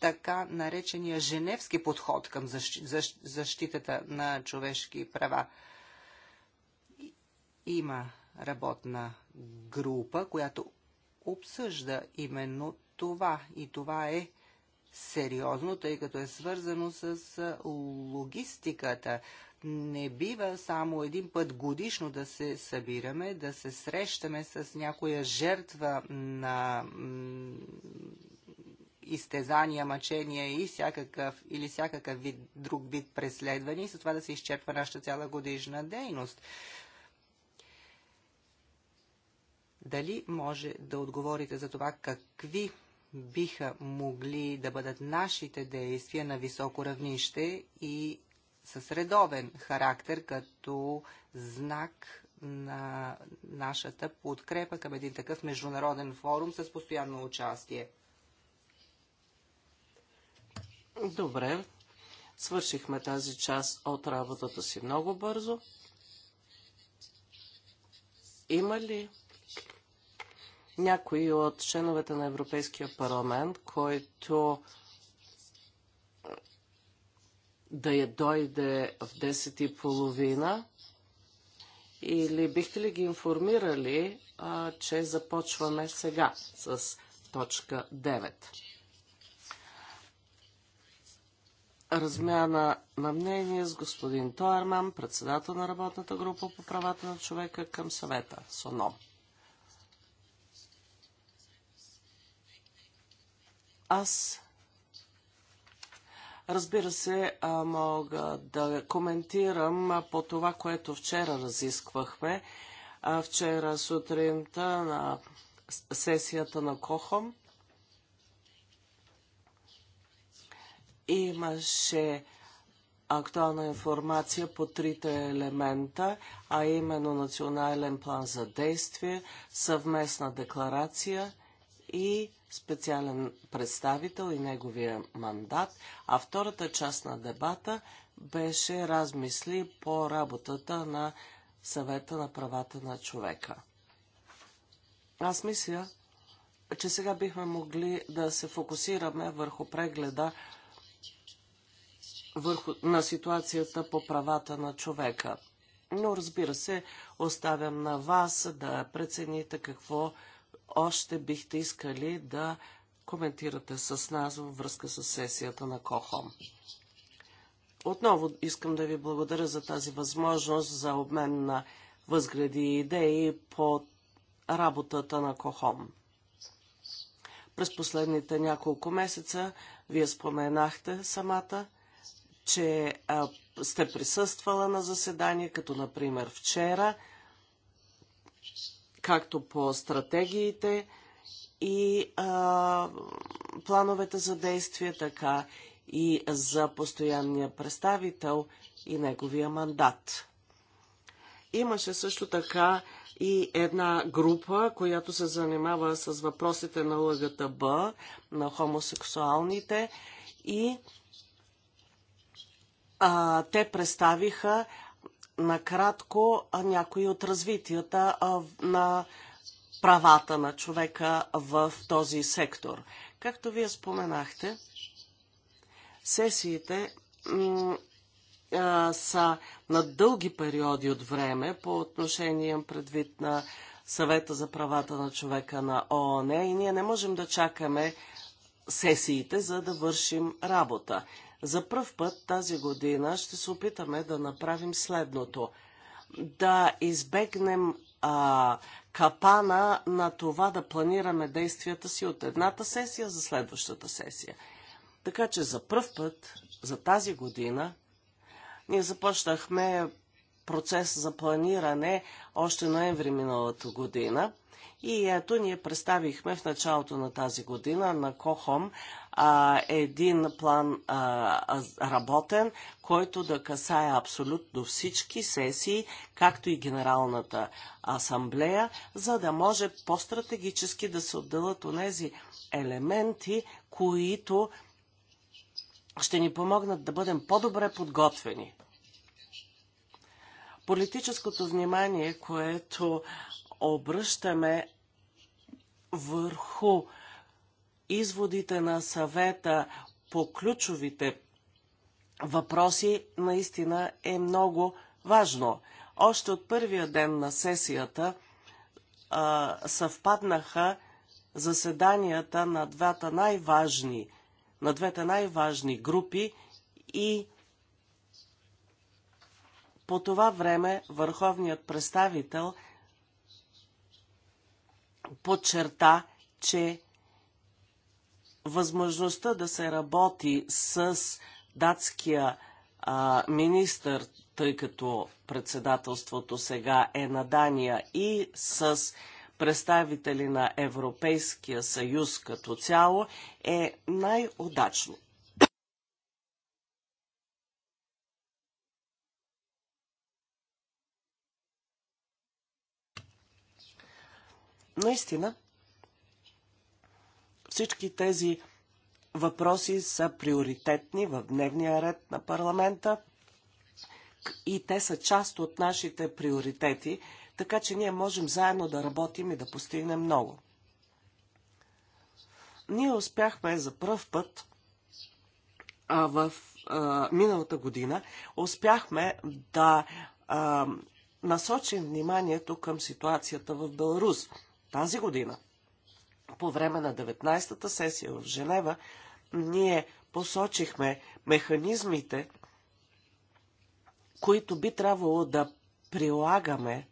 така наречения женевски подход към защитата на човешки права. Има работна група, която обсъжда именно това. И това е сериозно, тъй като е свързано с логистиката. Не бива само един път годишно да се събираме, да се срещаме с някоя жертва на изтезания, мъчения и всякакъв, или всякакъв вид, друг вид преследвания и с това да се изчерпва нашата цяла годишна дейност. Дали може да отговорите за това какви биха могли да бъдат нашите действия на високо равнище и с редовен характер като знак на нашата подкрепа към един такъв международен форум с постоянно участие. Добре. Свършихме тази част от работата си много бързо. Има ли някои от членовете на Европейския парламент, който да я дойде в 10 и половина? Или бихте ли ги информирали, а, че започваме сега с точка 9? Размяна на мнение с господин Тоерман, председател на работната група по правата на човека към съвета, СОНОМ. Аз Разбира се, мога да коментирам по това, което вчера разисквахме. Вчера сутринта на сесията на Кохом имаше актуална информация по трите елемента, а именно национален план за действие, съвместна декларация и специален представител и неговия мандат, а втората част на дебата беше размисли по работата на съвета на правата на човека. Аз мисля, че сега бихме могли да се фокусираме върху прегледа върху, на ситуацията по правата на човека. Но разбира се, оставям на вас да прецените какво още бихте искали да коментирате с нас във връзка с сесията на КОХОМ. Отново искам да ви благодаря за тази възможност за обмен на възгледи и идеи по работата на КОХОМ. През последните няколко месеца вие споменахте самата, че сте присъствала на заседание, като например вчера – както по стратегиите и а, плановете за действие, така и за постоянния представител и неговия мандат. Имаше също така и една група, която се занимава с въпросите на ЛГТБ, на хомосексуалните и а, те представиха накратко някои от развитията на правата на човека в този сектор. Както вие споменахте, сесиите са на дълги периоди от време по отношение предвид на съвета за правата на човека на ООН и ние не можем да чакаме сесиите, за да вършим работа. За пръв път тази година ще се опитаме да направим следното. Да избегнем а, капана на това да планираме действията си от едната сесия за следващата сесия. Така че за пръв път, за тази година, ние започнахме процес за планиране още ноември миналата година. И ето ние представихме в началото на тази година на КОХОМ а, един план а, работен, който да касае абсолютно всички сесии, както и Генералната асамблея, за да може по-стратегически да се отделят онези елементи, които ще ни помогнат да бъдем по-добре подготвени. Политическото внимание, което обръщаме върху изводите на съвета по ключовите въпроси наистина е много важно. Още от първия ден на сесията а, съвпаднаха заседанията на, двата най-важни, на двете най-важни групи и по това време върховният представител подчерта, че възможността да се работи с датския а, министр, тъй като председателството сега е на Дания и с представители на Европейския съюз като цяло е най-удачно. Наистина, всички тези въпроси са приоритетни в дневния ред на парламента и те са част от нашите приоритети, така че ние можем заедно да работим и да постигнем много. Ние успяхме за пръв път а, в а, миналата година, успяхме да а, насочим вниманието към ситуацията в Беларус тази година – по време на 19-та сесия в Женева, ние посочихме механизмите, които би трябвало да прилагаме,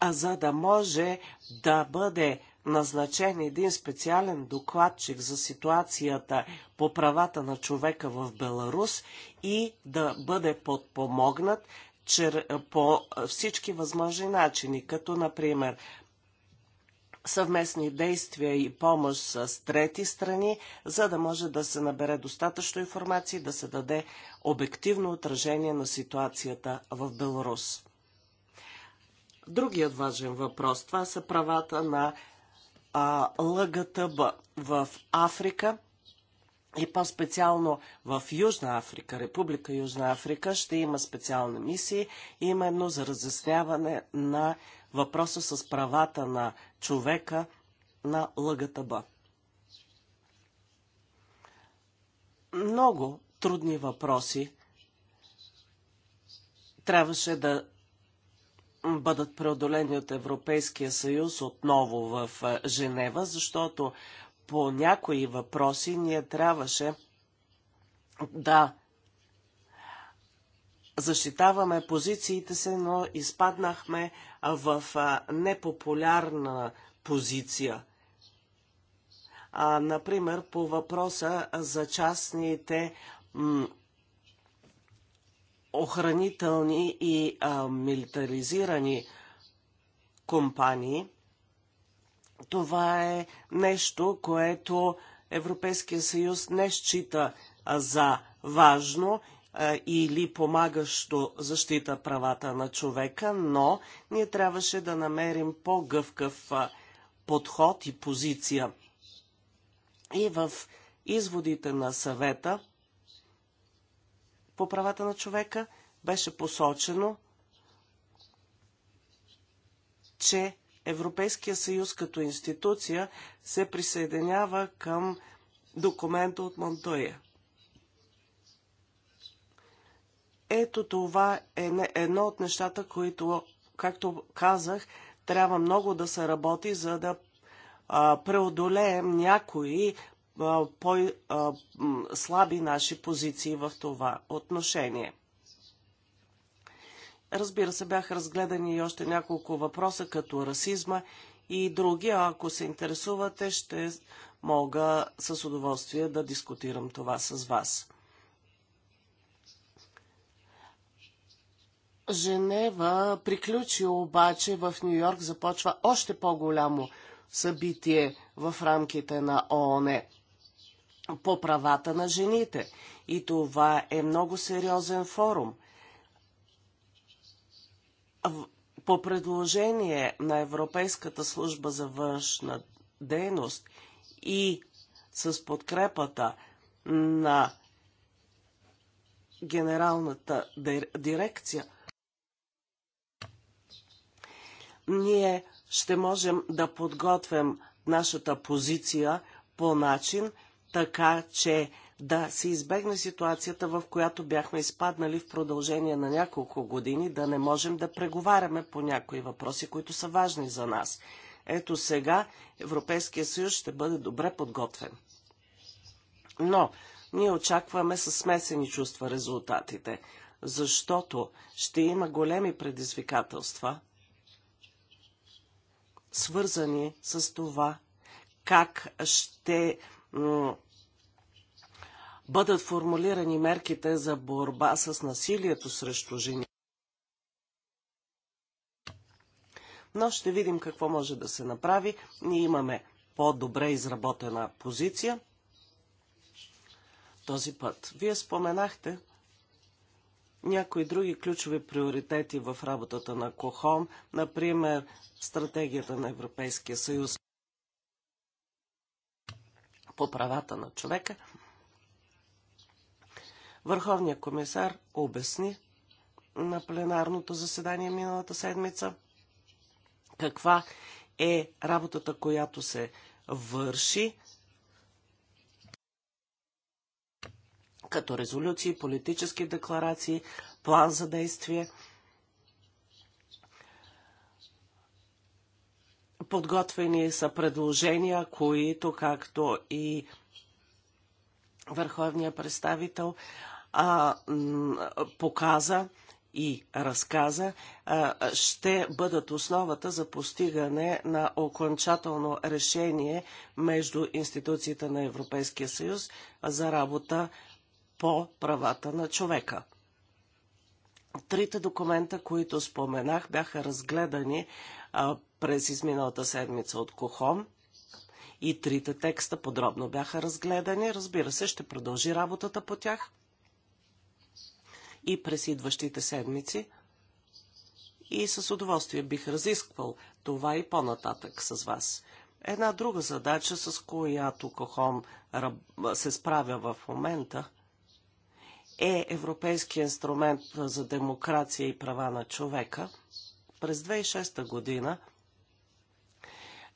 а за да може да бъде назначен един специален докладчик за ситуацията по правата на човека в Беларус и да бъде подпомогнат по всички възможни начини, като например съвместни действия и помощ с трети страни, за да може да се набере достатъчно информация и да се даде обективно отражение на ситуацията в Беларус. Другият важен въпрос, това са правата на а, ЛГТБ в Африка и по-специално в Южна Африка, Република Южна Африка, ще има специални мисии, именно за разясняване на въпроса с правата на човека на ЛГТБ. Много трудни въпроси трябваше да бъдат преодолени от Европейския съюз отново в е, Женева, защото по някои въпроси ние трябваше да защитаваме позициите си, но изпаднахме в непопулярна позиция. А, например, по въпроса за частните охранителни и а, милитаризирани компании. Това е нещо, което Европейския съюз не счита за важно или помагащо защита правата на човека, но ние трябваше да намерим по-гъвкав подход и позиция. И в изводите на съвета по правата на човека беше посочено, че Европейския съюз като институция се присъединява към документа от Монтуя. Ето това е едно от нещата, които, както казах, трябва много да се работи, за да а, преодолеем някои по-слаби наши позиции в това отношение. Разбира се, бяха разгледани и още няколко въпроса, като расизма и други. ако се интересувате, ще мога с удоволствие да дискутирам това с вас. Женева приключи обаче в Нью Йорк започва още по-голямо събитие в рамките на ООН по правата на жените. И това е много сериозен форум. По предложение на Европейската служба за външна дейност и с подкрепата на генералната дирекция – ние ще можем да подготвим нашата позиция по начин, така че да се избегне ситуацията, в която бяхме изпаднали в продължение на няколко години, да не можем да преговаряме по някои въпроси, които са важни за нас. Ето сега Европейския съюз ще бъде добре подготвен. Но ние очакваме със смесени чувства резултатите, защото ще има големи предизвикателства – свързани с това как ще бъдат формулирани мерките за борба с насилието срещу жени. Но ще видим какво може да се направи. Ние имаме по-добре изработена позиция този път. Вие споменахте, някои други ключови приоритети в работата на КОХОМ, например стратегията на Европейския съюз по правата на човека. Върховният комисар обясни на пленарното заседание миналата седмица каква е работата, която се върши като резолюции, политически декларации, план за действие. Подготвени са предложения, които, както и върховният представител а, показа и разказа, а, ще бъдат основата за постигане на окончателно решение между институциите на Европейския съюз за работа по правата на човека. Трите документа, които споменах, бяха разгледани а, през изминалата седмица от Кохом и трите текста подробно бяха разгледани. Разбира се, ще продължи работата по тях и през идващите седмици. И с удоволствие бих разисквал това и по-нататък с вас. Една друга задача, с която Кохом се справя в момента, е Европейския инструмент за демокрация и права на човека, през 2006 година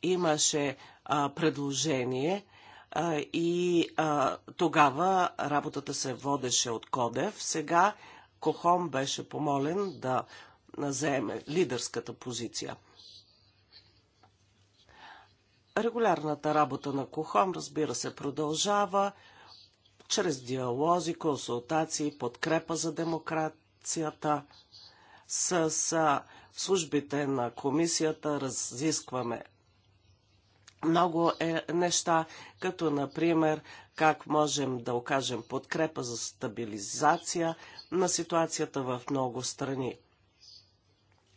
имаше а, предложение а, и а, тогава работата се водеше от Кодев. Сега Кохом беше помолен да заеме лидерската позиция. Регулярната работа на Кохом, разбира се, продължава чрез диалози, консултации, подкрепа за демокрацията. С службите на комисията разискваме много е неща, като например как можем да окажем подкрепа за стабилизация на ситуацията в много страни.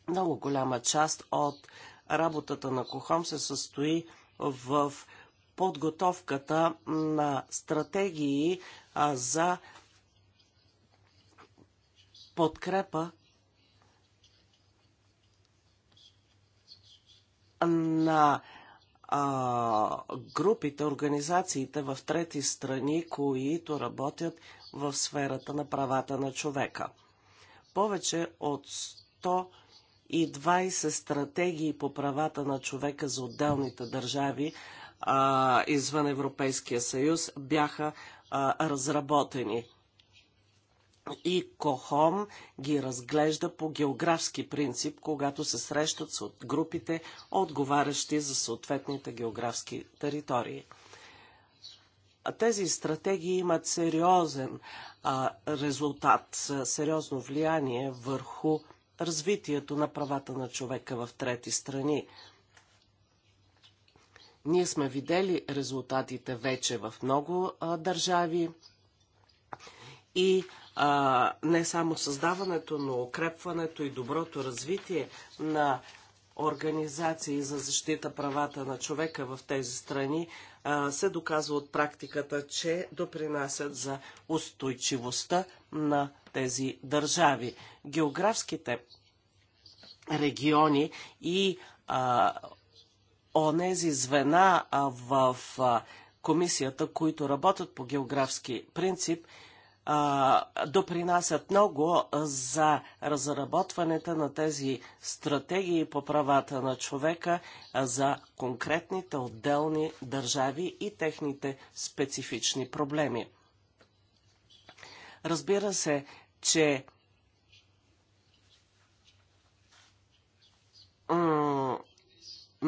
Много голяма част от работата на Кохом се състои в подготовката на стратегии за подкрепа на групите, организациите в трети страни, които работят в сферата на правата на човека. Повече от 120 стратегии по правата на човека за отделните държави а, извън Европейския съюз бяха а, разработени. И КОХОМ ги разглежда по географски принцип, когато се срещат с групите, отговарящи за съответните географски територии тези стратегии имат сериозен а, резултат, сериозно влияние върху развитието на правата на човека в трети страни. Ние сме видели резултатите вече в много а, държави и а, не само създаването, но укрепването и доброто развитие на организации за защита правата на човека в тези страни а, се доказва от практиката, че допринасят за устойчивостта на тези държави. Географските региони и а, онези звена в комисията, които работят по географски принцип, допринасят много за разработването на тези стратегии по правата на човека за конкретните отделни държави и техните специфични проблеми. Разбира се, че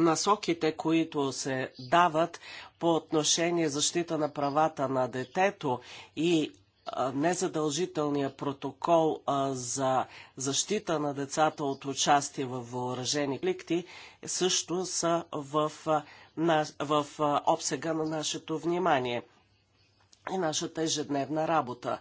насоките, които се дават по отношение защита на правата на детето и незадължителния протокол за защита на децата от участие в въоръжени конфликти също са в, в обсега на нашето внимание и нашата ежедневна работа.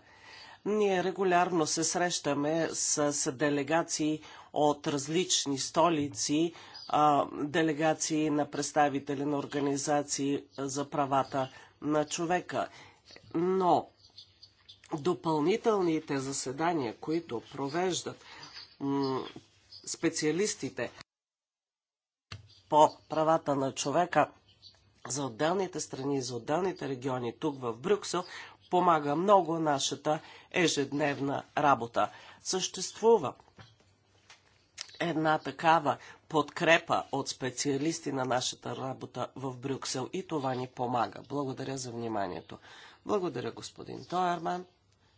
Ние регулярно се срещаме с делегации от различни столици а, делегации на представители на организации за правата на човека. Но допълнителните заседания, които провеждат специалистите по правата на човека за отделните страни, за отделните региони тук в Брюксел, помага много нашата ежедневна работа. Съществува една такава подкрепа от специалисти на нашата работа в Брюксел и това ни помага. Благодаря за вниманието. Благодаря, господин Тоерман.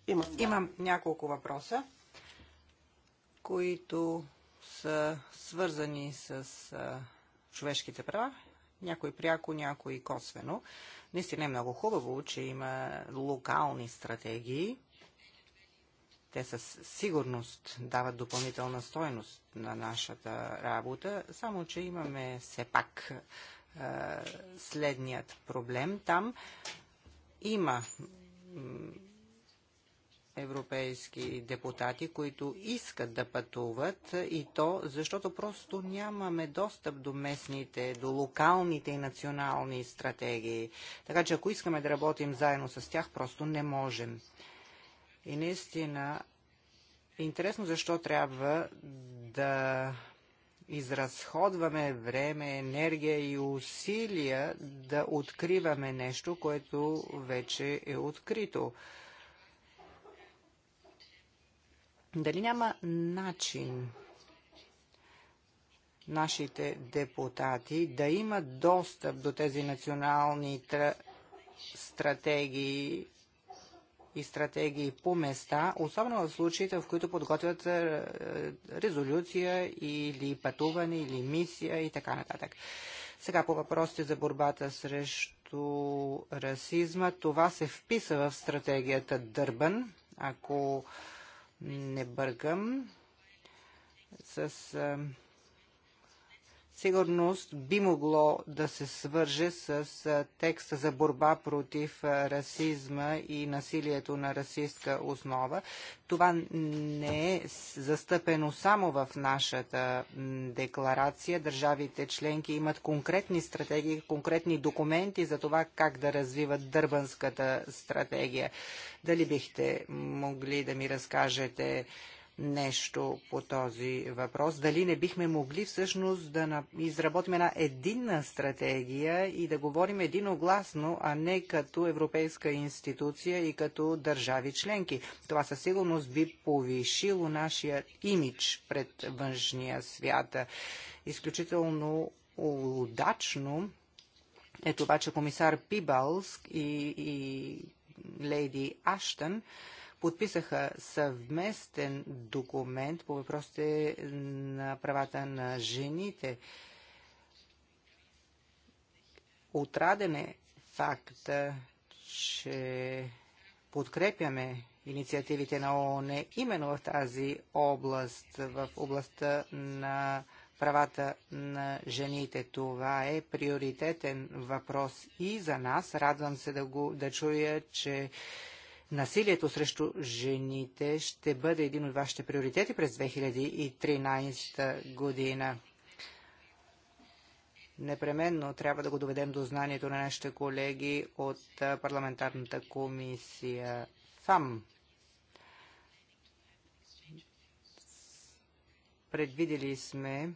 Имам, Имам няколко въпроса, които са свързани с а, човешките права, някой пряко, някой косвено. Наистина е много хубаво, че има локални стратегии, те със сигурност дават допълнителна стойност на нашата работа, само че имаме все пак е, следният проблем. Там има европейски депутати, които искат да пътуват и то, защото просто нямаме достъп до местните, до локалните и национални стратегии. Така че ако искаме да работим заедно с тях, просто не можем. И наистина е интересно защо трябва да изразходваме време, енергия и усилия да откриваме нещо, което вече е открито. Дали няма начин нашите депутати да имат достъп до тези национални стратегии и стратегии по места, особено в случаите, в които подготвят е, е, резолюция или пътуване, или мисия и така нататък. Сега по въпросите за борбата срещу расизма, това се вписа в стратегията Дърбан, ако не бъркам, с е, сигурност би могло да се свърже с текста за борба против расизма и насилието на расистка основа. Това не е застъпено само в нашата декларация. Държавите членки имат конкретни стратегии, конкретни документи за това как да развиват дърбанската стратегия. Дали бихте могли да ми разкажете нещо по този въпрос. Дали не бихме могли всъщност да изработим една единна стратегия и да говорим единогласно, а не като европейска институция и като държави членки. Това със сигурност би повишило нашия имидж пред външния свят. Изключително удачно е това, че комисар Пибалск и, и леди Аштън подписаха съвместен документ по въпросите на правата на жените. Отраден е факта, че подкрепяме инициативите на ООН именно в тази област, в областта на правата на жените. Това е приоритетен въпрос и за нас. Радвам се да, го, да чуя, че Насилието срещу жените ще бъде един от вашите приоритети през 2013 година. Непременно трябва да го доведем до знанието на нашите колеги от парламентарната комисия ФАМ. Предвидели сме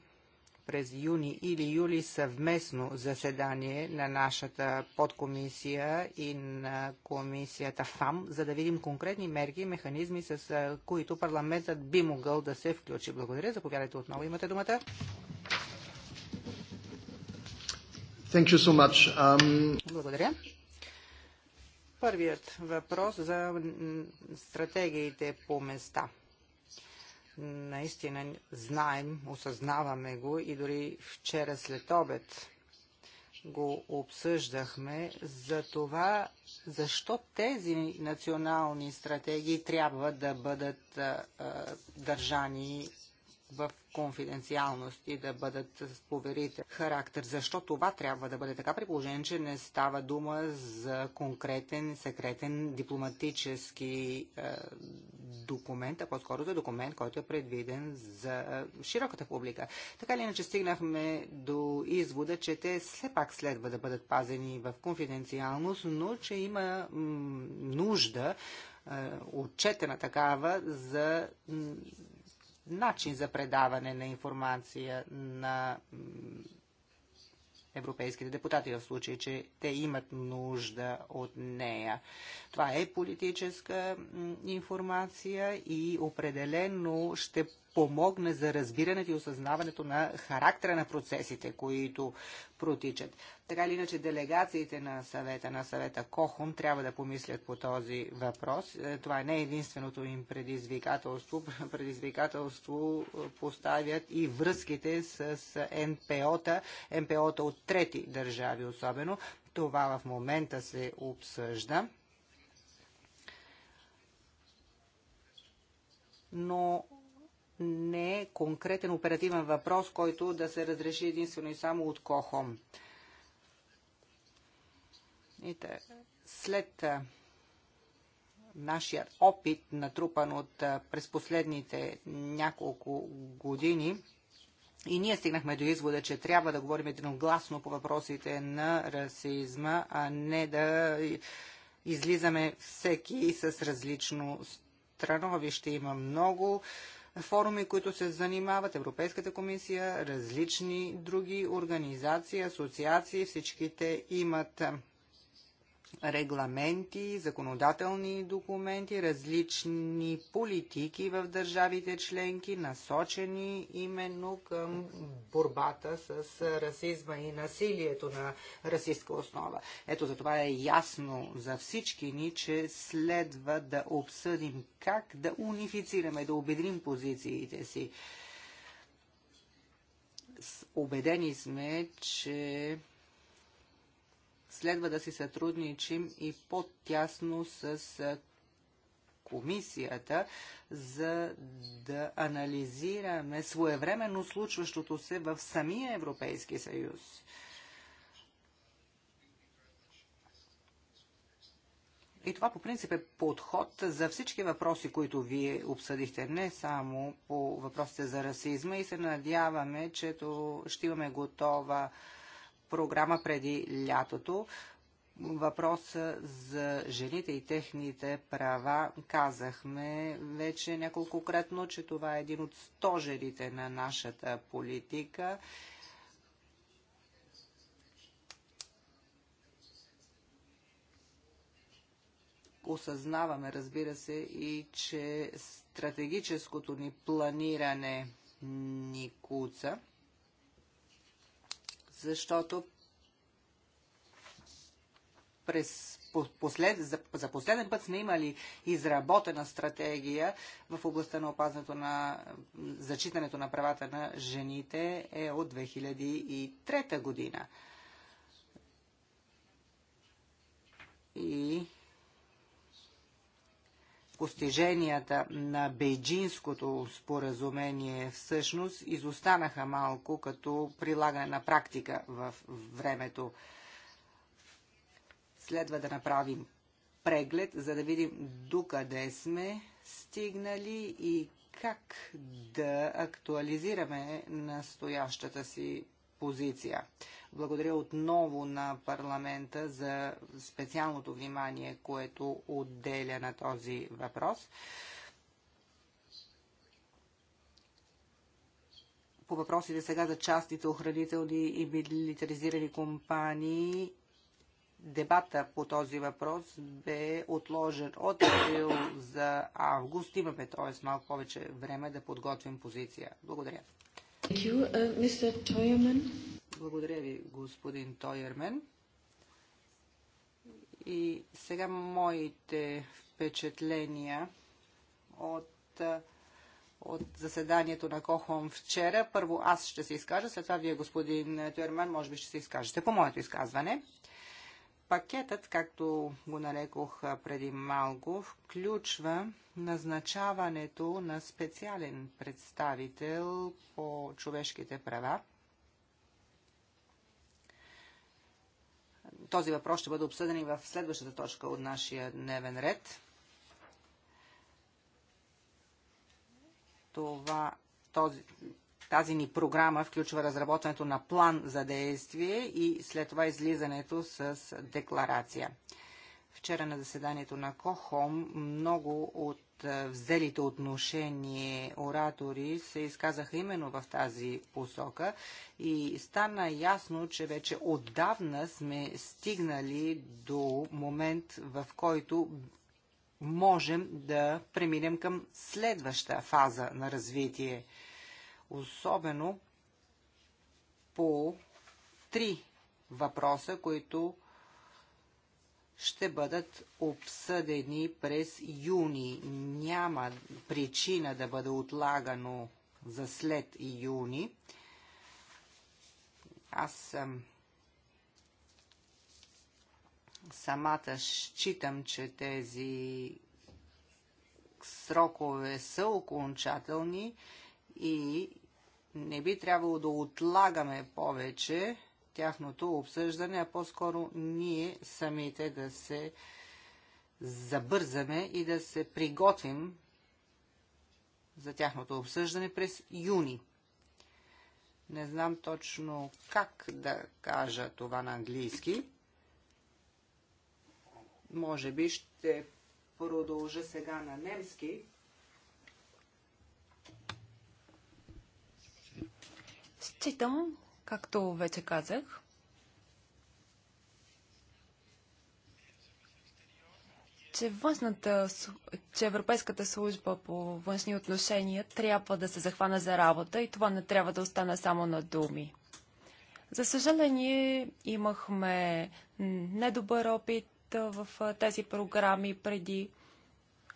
през юни или юли съвместно заседание на нашата подкомисия и на комисията ФАМ, за да видим конкретни мерки и механизми, с които парламентът би могъл да се включи. Благодаря. Заповядайте отново. Имате думата. Thank you so much. Um... Благодаря. Първият въпрос за стратегиите по места – наистина знаем, осъзнаваме го и дори вчера след обед го обсъждахме за това, защо тези национални стратегии трябва да бъдат а, а, държани в конфиденциалност и да бъдат с поверителен характер. Защо това трябва да бъде така при положение, че не става дума за конкретен, секретен дипломатически е, документ, а по-скоро за документ, който е предвиден за е, широката публика. Така или иначе стигнахме до извода, че те все пак следва да бъдат пазени в конфиденциалност, но че има нужда е, отчетена такава за начин за предаване на информация на европейските депутати в случай, че те имат нужда от нея. Това е политическа информация и определено ще помогне за разбирането и осъзнаването на характера на процесите, които протичат. Така или иначе, делегациите на съвета, на съвета Кохум, трябва да помислят по този въпрос. Е, това не е единственото им предизвикателство. Предизвикателство е, поставят и връзките с НПО-та, НПО-та от трети държави особено. Това в момента се обсъжда. Но не е конкретен оперативен въпрос, който да се разреши единствено и само от КОХОМ. след нашия опит, натрупан от през последните няколко години, и ние стигнахме до извода, че трябва да говорим единогласно по въпросите на расизма, а не да излизаме всеки с различно становище. Има много форуми, които се занимават, Европейската комисия, различни други организации, асоциации, всичките имат регламенти, законодателни документи, различни политики в държавите членки, насочени именно към борбата с расизма и насилието на расистска основа. Ето за това е ясно за всички ни, че следва да обсъдим как да унифицираме, да обедрим позициите си. Обедени сме, че следва да си сътрудничим и по-тясно с комисията, за да анализираме своевременно случващото се в самия Европейски съюз. И това по принцип е подход за всички въпроси, които вие обсъдихте, не само по въпросите за расизма и се надяваме, че ще имаме готова програма преди лятото. Въпроса за жените и техните права казахме вече кратно, че това е един от стожерите на нашата политика. осъзнаваме, разбира се, и че стратегическото ни планиране ни куца защото през послед, за, за последен път сме имали изработена стратегия в областта на опазването на зачитането на правата на жените е от 2003 година. И постиженията на Бейджинското споразумение всъщност изостанаха малко като прилагане на практика в времето. Следва да направим преглед, за да видим докъде сме стигнали и как да актуализираме настоящата си позиция. Благодаря отново на парламента за специалното внимание, което отделя на този въпрос. По въпросите сега за частите охранителни и милитаризирани компании дебата по този въпрос бе отложен от април за август. Имаме, т.е. малко повече време да подготвим позиция. Благодаря. Uh, Благодаря ви, господин Тойермен. И сега моите впечатления от, от заседанието на Кохом вчера. Първо аз ще се изкажа, след това вие, господин Тойермен, може би ще се изкажете по моето изказване. Пакетът, както го нарекох преди малко, включва назначаването на специален представител по човешките права. Този въпрос ще бъде обсъден и в следващата точка от нашия дневен ред. Това, този, тази ни програма включва разработването на план за действие и след това излизането с декларация. Вчера на заседанието на КОХОМ много от е, взелите отношение оратори се изказаха именно в тази посока и стана ясно, че вече отдавна сме стигнали до момент, в който можем да преминем към следваща фаза на развитие – особено по три въпроса, които ще бъдат обсъдени през юни. Няма причина да бъде отлагано за след юни. Аз съм самата считам, че тези срокове са окончателни и не би трябвало да отлагаме повече тяхното обсъждане, а по-скоро ние самите да се забързаме и да се приготвим за тяхното обсъждане през юни. Не знам точно как да кажа това на английски. Може би ще продължа сега на немски. Считам, както вече казах, че, външната, че Европейската служба по външни отношения трябва да се захвана за работа и това не трябва да остане само на думи. За съжаление, имахме недобър опит в тези програми преди.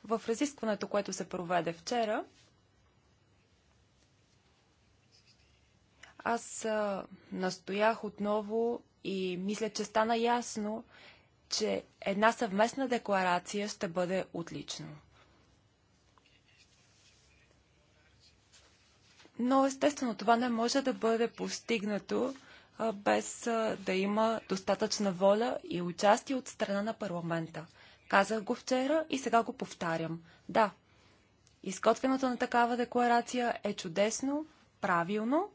В разискването, което се проведе вчера, Аз настоях отново и мисля, че стана ясно, че една съвместна декларация ще бъде отлично. Но естествено това не може да бъде постигнато а, без а, да има достатъчна воля и участие от страна на парламента. Казах го вчера и сега го повтарям. Да, изготвянето на такава декларация е чудесно, правилно,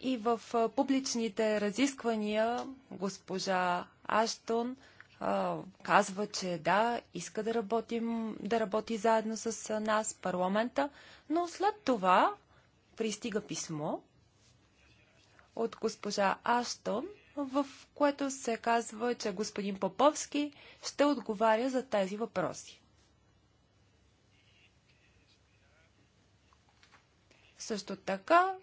И в публичните разисквания госпожа Аштон казва, че да, иска да, работим, да работи заедно с нас, парламента, но след това пристига писмо от госпожа Аштон, в което се казва, че господин Поповски ще отговаря за тези въпроси. Също така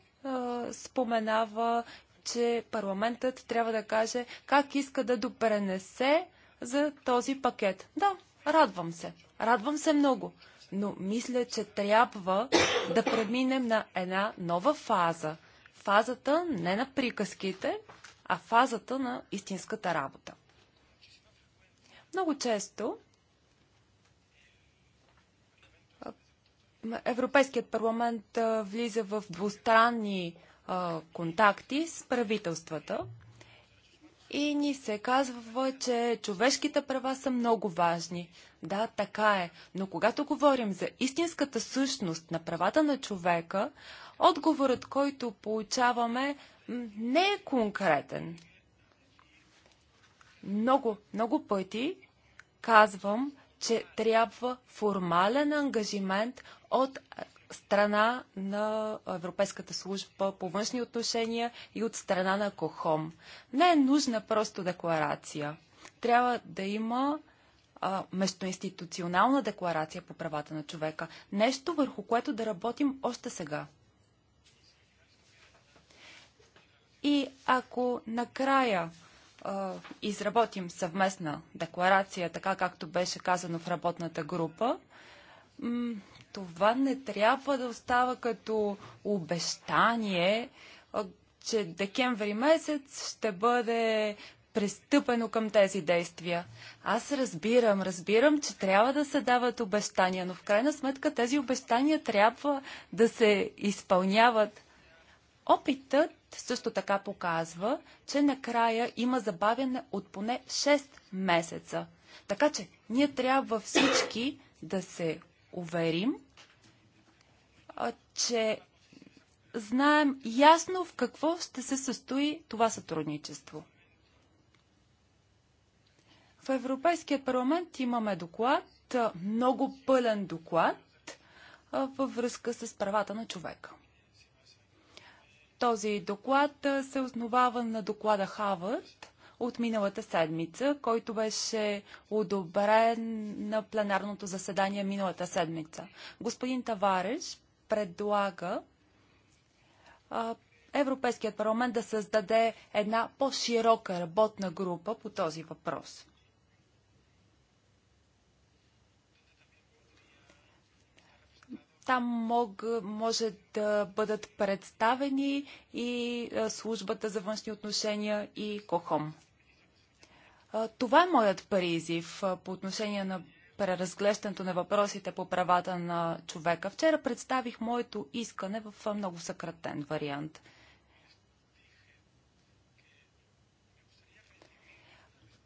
споменава, че парламентът трябва да каже как иска да допренесе за този пакет. Да, радвам се. Радвам се много. Но мисля, че трябва да преминем на една нова фаза. Фазата не на приказките, а фазата на истинската работа. Много често Европейският парламент влиза в двустранни контакти с правителствата и ни се казва, че човешките права са много важни. Да, така е. Но когато говорим за истинската същност на правата на човека, отговорът, който получаваме, не е конкретен. Много, много пъти казвам, че трябва формален ангажимент от страна на Европейската служба по външни отношения и от страна на КОХОМ. Не е нужна просто декларация. Трябва да има междуинституционална декларация по правата на човека. Нещо върху което да работим още сега. И ако накрая изработим съвместна декларация, така както беше казано в работната група, това не трябва да остава като обещание, че декември месец ще бъде пристъпено към тези действия. Аз разбирам, разбирам, че трябва да се дават обещания, но в крайна сметка тези обещания трябва да се изпълняват Опитът също така показва, че накрая има забавяне от поне 6 месеца. Така че ние трябва всички да се уверим, че знаем ясно в какво ще се състои това сътрудничество. В Европейския парламент имаме доклад, много пълен доклад във връзка с правата на човека. Този доклад се основава на доклада Хавърд от миналата седмица, който беше одобрен на пленарното заседание миналата седмица. Господин Тавареш предлага а, Европейският парламент да създаде една по-широка работна група по този въпрос. Там мог, може да бъдат представени и службата за външни отношения и КОХОМ. Това е моят призив по отношение на преразглеждането на въпросите по правата на човека. Вчера представих моето искане в много съкратен вариант.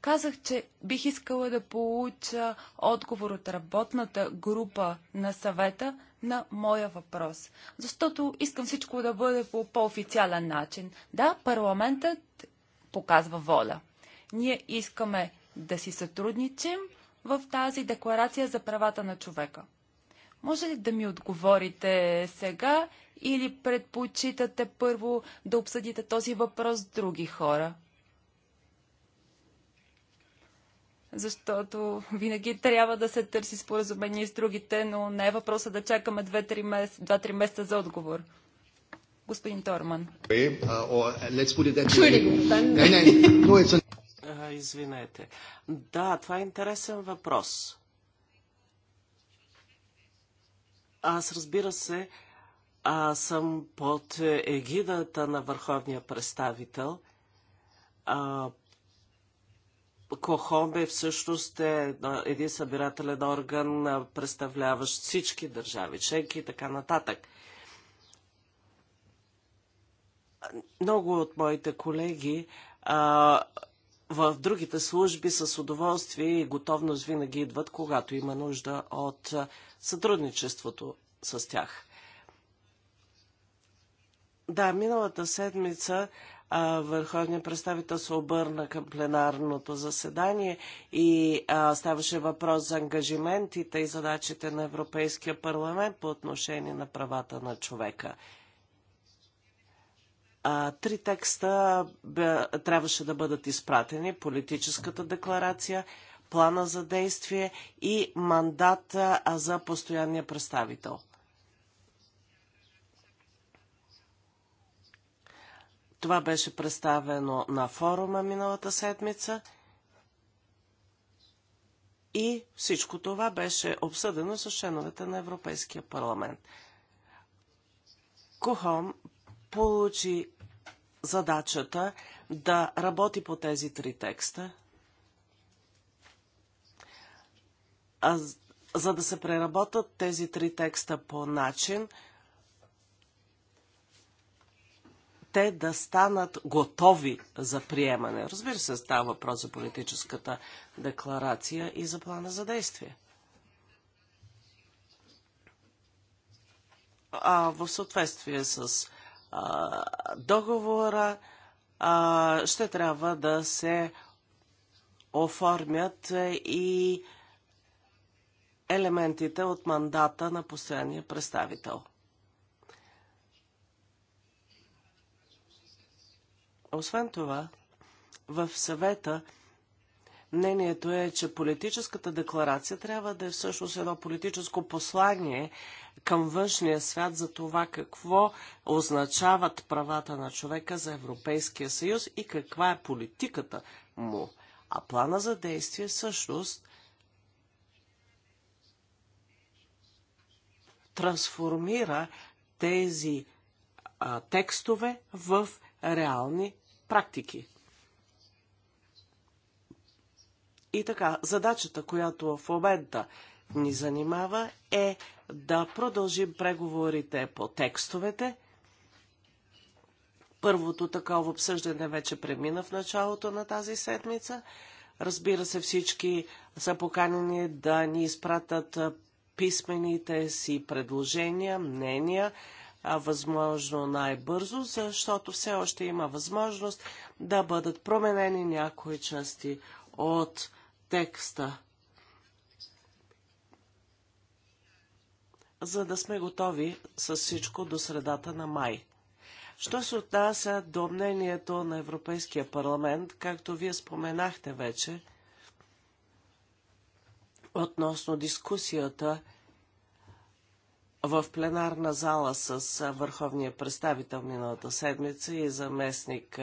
Казах, че бих искала да получа отговор от работната група на съвета на моя въпрос. Защото искам всичко да бъде по по-официален начин. Да, парламентът показва воля. Ние искаме да си сътрудничим в тази декларация за правата на човека. Може ли да ми отговорите сега или предпочитате първо да обсъдите този въпрос с други хора? защото винаги трябва да се търси споразумение с другите, но не е въпроса да чакаме 2-3 месеца, месеца за отговор. Господин Торман. Извинете. Да, това е интересен въпрос. Аз разбира се, а съм под егидата на върховния представител – а, Кохобе всъщност е един събирателен орган, представляващ всички държави, членки и така нататък. Много от моите колеги а, в другите служби с удоволствие и готовност винаги идват, когато има нужда от сътрудничеството с тях. Да, миналата седмица върховният представител се обърна към пленарното заседание и а, ставаше въпрос за ангажиментите и задачите на Европейския парламент по отношение на правата на човека. А, три текста бе, трябваше да бъдат изпратени. Политическата декларация, плана за действие и мандата за постоянния представител. Това беше представено на форума миналата седмица и всичко това беше обсъдено с членовете на Европейския парламент. Кухом получи задачата да работи по тези три текста, а за да се преработат тези три текста по начин – те да станат готови за приемане. Разбира се, става въпрос за политическата декларация и за плана за действие. А, в съответствие с а, договора а, ще трябва да се оформят и елементите от мандата на постоянния представител. Освен това, в съвета мнението е, че политическата декларация трябва да е всъщност едно политическо послание към външния свят за това какво означават правата на човека за Европейския съюз и каква е политиката му. А плана за действие всъщност трансформира тези а, текстове в реални практики. И така, задачата, която в момента ни занимава е да продължим преговорите по текстовете. Първото такова обсъждане вече премина в началото на тази седмица. Разбира се, всички са поканени да ни изпратят писмените си предложения, мнения възможно най-бързо, защото все още има възможност да бъдат променени някои части от текста. За да сме готови с всичко до средата на май. Що се отнася до мнението на Европейския парламент, както вие споменахте вече, относно дискусията в пленарна зала с върховния представител миналата седмица и заместник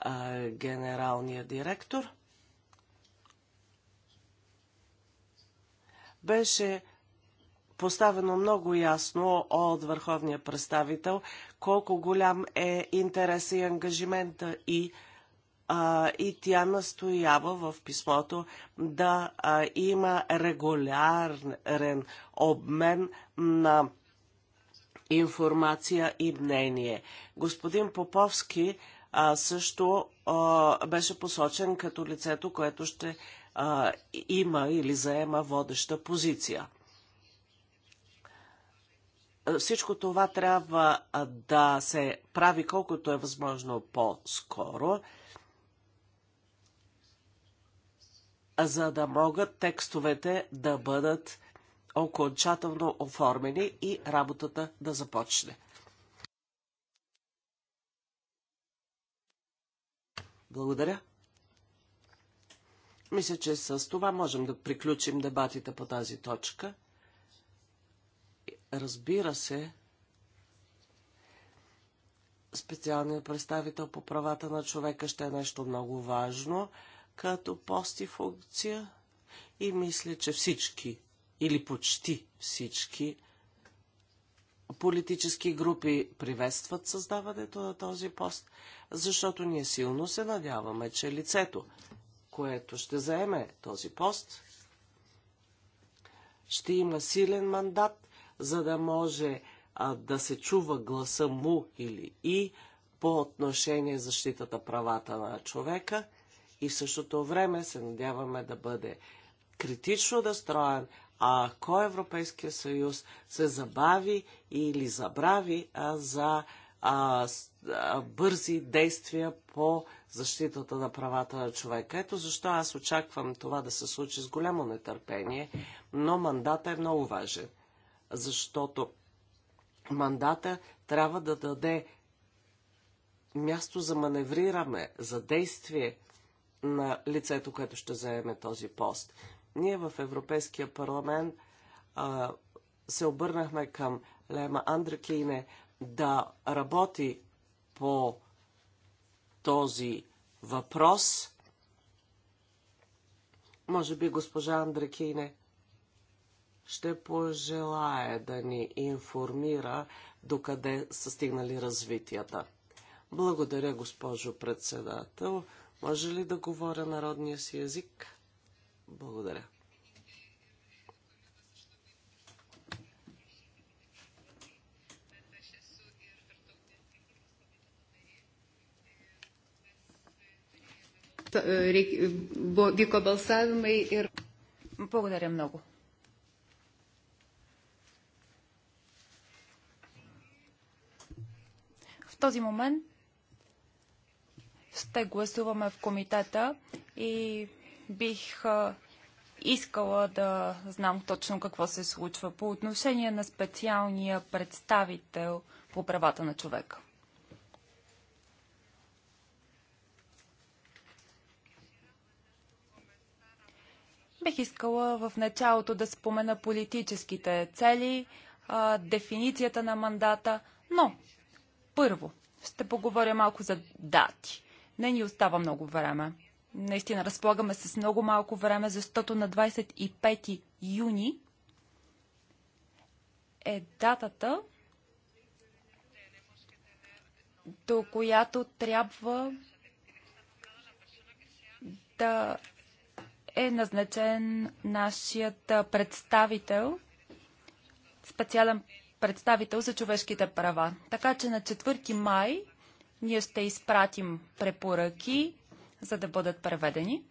а, генералния директор. Беше поставено много ясно от върховния представител колко голям е интерес и ангажимента и а, и тя настоява в писмото да а, има регулярен обмен на информация и мнение. Господин Поповски а, също а, беше посочен като лицето, което ще а, има или заема водеща позиция. Всичко това трябва да се прави колкото е възможно по-скоро. за да могат текстовете да бъдат окончателно оформени и работата да започне. Благодаря. Мисля, че с това можем да приключим дебатите по тази точка. Разбира се, специалният представител по правата на човека ще е нещо много важно като пости функция и мисля, че всички или почти всички политически групи приветстват създаването на този пост, защото ние силно се надяваме, че лицето, което ще заеме този пост, ще има силен мандат, за да може а, да се чува гласа му или и по отношение защитата правата на човека – и в същото време се надяваме да бъде критично настроен, а ако Европейския съюз се забави или забрави а, за а, а, бързи действия по защитата на правата на човека. Ето защо аз очаквам това да се случи с голямо нетърпение, но мандата е много важен, защото мандата трябва да даде място за маневриране, за действие на лицето, което ще заеме този пост. Ние в Европейския парламент а, се обърнахме към Лема Андракейне да работи по този въпрос. Може би госпожа Андракейне ще пожелае да ни информира докъде са стигнали развитията. Благодаря, госпожо председател. Може ли да говоря народния си език? Благодаря. Благодаря много. В този момент ще гласуваме в комитета и бих искала да знам точно какво се случва по отношение на специалния представител по правата на човека. Бих искала в началото да спомена политическите цели, дефиницията на мандата, но първо ще поговоря малко за дати. Не ни остава много време. Наистина разполагаме с много малко време, защото на 25 юни е датата, до която трябва да е назначен нашият представител, специален представител за човешките права. Така че на 4 май ние ще изпратим препоръки, за да бъдат преведени.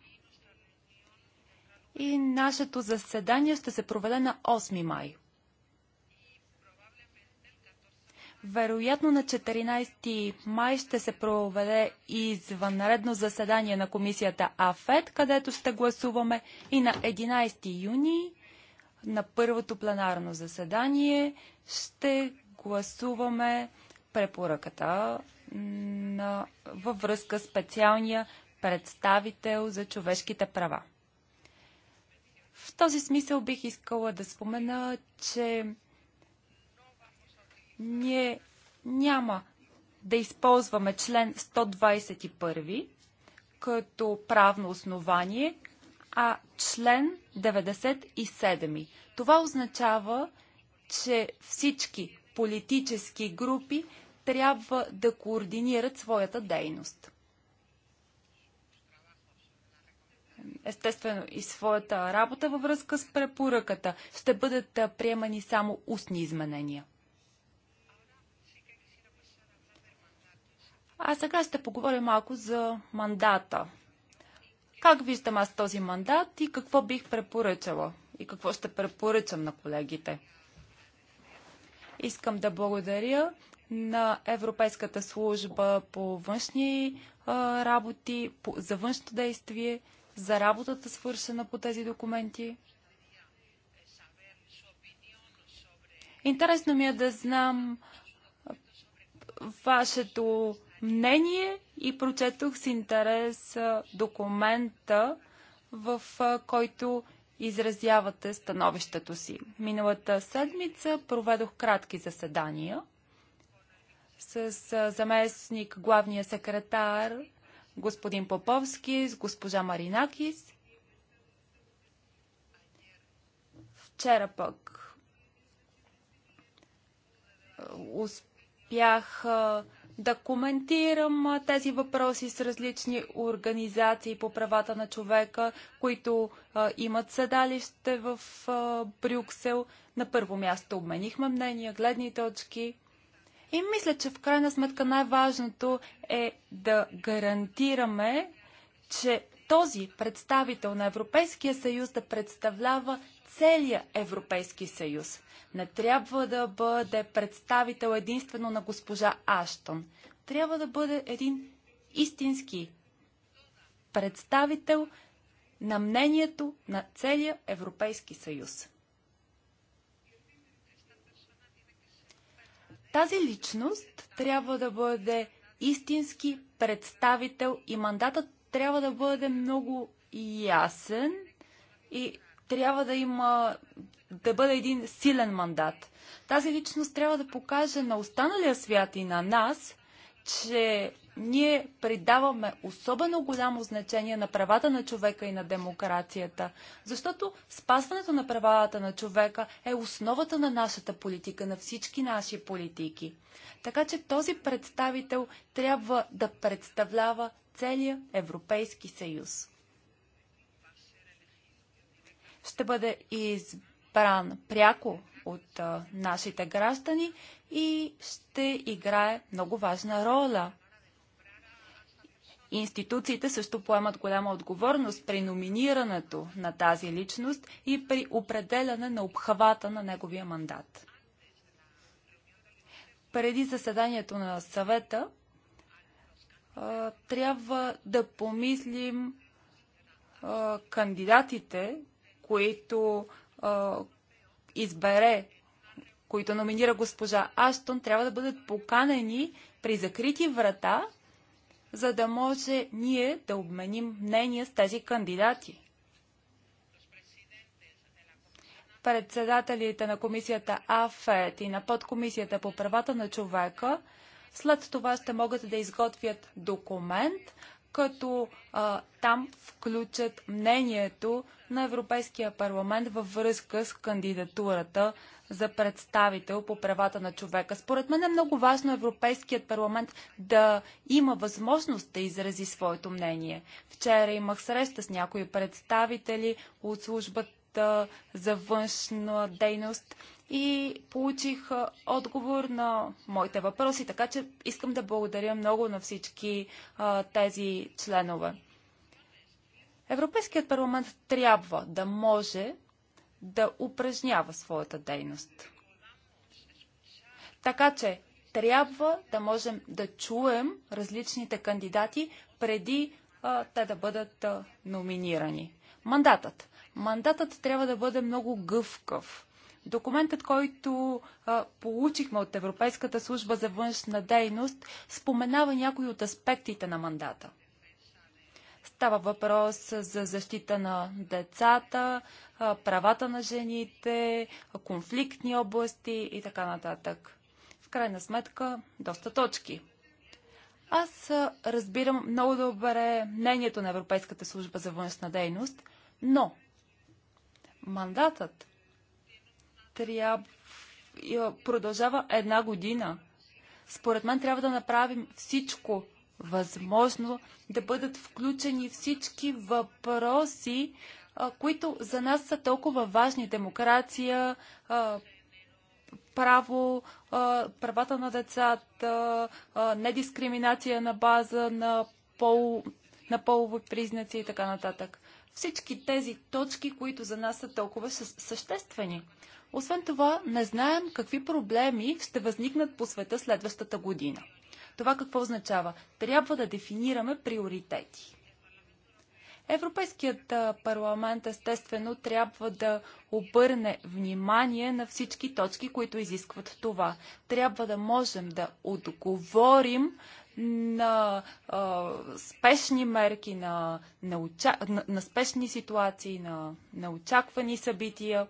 И нашето заседание ще се проведе на 8 май. Вероятно на 14 май ще се проведе извънредно заседание на комисията АФЕД, където ще гласуваме и на 11 юни на първото пленарно заседание ще гласуваме препоръката на, във връзка с специалния представител за човешките права. В този смисъл бих искала да спомена, че ние няма да използваме член 121 като правно основание, а член 97. Това означава, че всички политически групи трябва да координират своята дейност. Естествено и своята работа във връзка с препоръката ще бъдат приемани само устни изменения. А сега ще поговорим малко за мандата. Как виждам аз този мандат и какво бих препоръчала и какво ще препоръчам на колегите? Искам да благодаря на Европейската служба по външни а, работи, по, за външно действие, за работата свършена по тези документи. Интересно ми е да знам вашето мнение и прочетох с интерес документа, в който изразявате становището си. Миналата седмица проведох кратки заседания – с заместник главния секретар господин Поповски, с госпожа Маринакис. Вчера пък успях да коментирам тези въпроси с различни организации по правата на човека, които а, имат седалище в а, Брюксел. На първо място обменихме мнения, гледни точки. И мисля, че в крайна сметка най-важното е да гарантираме, че този представител на Европейския съюз да представлява целия Европейски съюз. Не трябва да бъде представител единствено на госпожа Аштон. Трябва да бъде един истински представител на мнението на целия Европейски съюз. Тази личност трябва да бъде истински представител и мандатът трябва да бъде много ясен и трябва да има да бъде един силен мандат. Тази личност трябва да покаже на останалия свят и на нас, че ние придаваме особено голямо значение на правата на човека и на демокрацията, защото спазването на правата на човека е основата на нашата политика, на всички наши политики. Така че този представител трябва да представлява целия Европейски съюз. Ще бъде избран пряко от нашите граждани и ще играе много важна роля Институциите също поемат голяма отговорност при номинирането на тази личност и при определяне на обхвата на неговия мандат. Преди заседанието на съвета трябва да помислим кандидатите, които избере, които номинира госпожа Аштон, трябва да бъдат поканени при закрити врата за да може ние да обменим мнение с тези кандидати. Председателите на комисията АФЕТ и на подкомисията по правата на човека след това ще могат да изготвят документ, като а, там включат мнението на Европейския парламент във връзка с кандидатурата за представител по правата на човека. Според мен е много важно Европейският парламент да има възможност да изрази своето мнение. Вчера имах среща с някои представители от службата за външна дейност и получих отговор на моите въпроси, така че искам да благодаря много на всички а, тези членове. Европейският парламент трябва да може да упражнява своята дейност. Така че трябва да можем да чуем различните кандидати преди а, те да бъдат а, номинирани. Мандатът. Мандатът трябва да бъде много гъвкав Документът, който а, получихме от Европейската служба за външна дейност, споменава някои от аспектите на мандата. Става въпрос за защита на децата, а, правата на жените, конфликтни области и така нататък. В крайна сметка, доста точки. Аз а, разбирам много добре мнението на Европейската служба за външна дейност, но мандатът трябва продължава една година. Според мен трябва да направим всичко възможно да бъдат включени всички въпроси, които за нас са толкова важни. Демокрация, право, правата на децата, недискриминация на база на, пол, на полови признаци и така нататък. Всички тези точки, които за нас са толкова съществени. Освен това, не знаем какви проблеми ще възникнат по света следващата година. Това какво означава? Трябва да дефинираме приоритети. Европейският парламент естествено трябва да обърне внимание на всички точки, които изискват това. Трябва да можем да отговорим на а, спешни мерки, на, на, на, на спешни ситуации, на, на очаквани събития.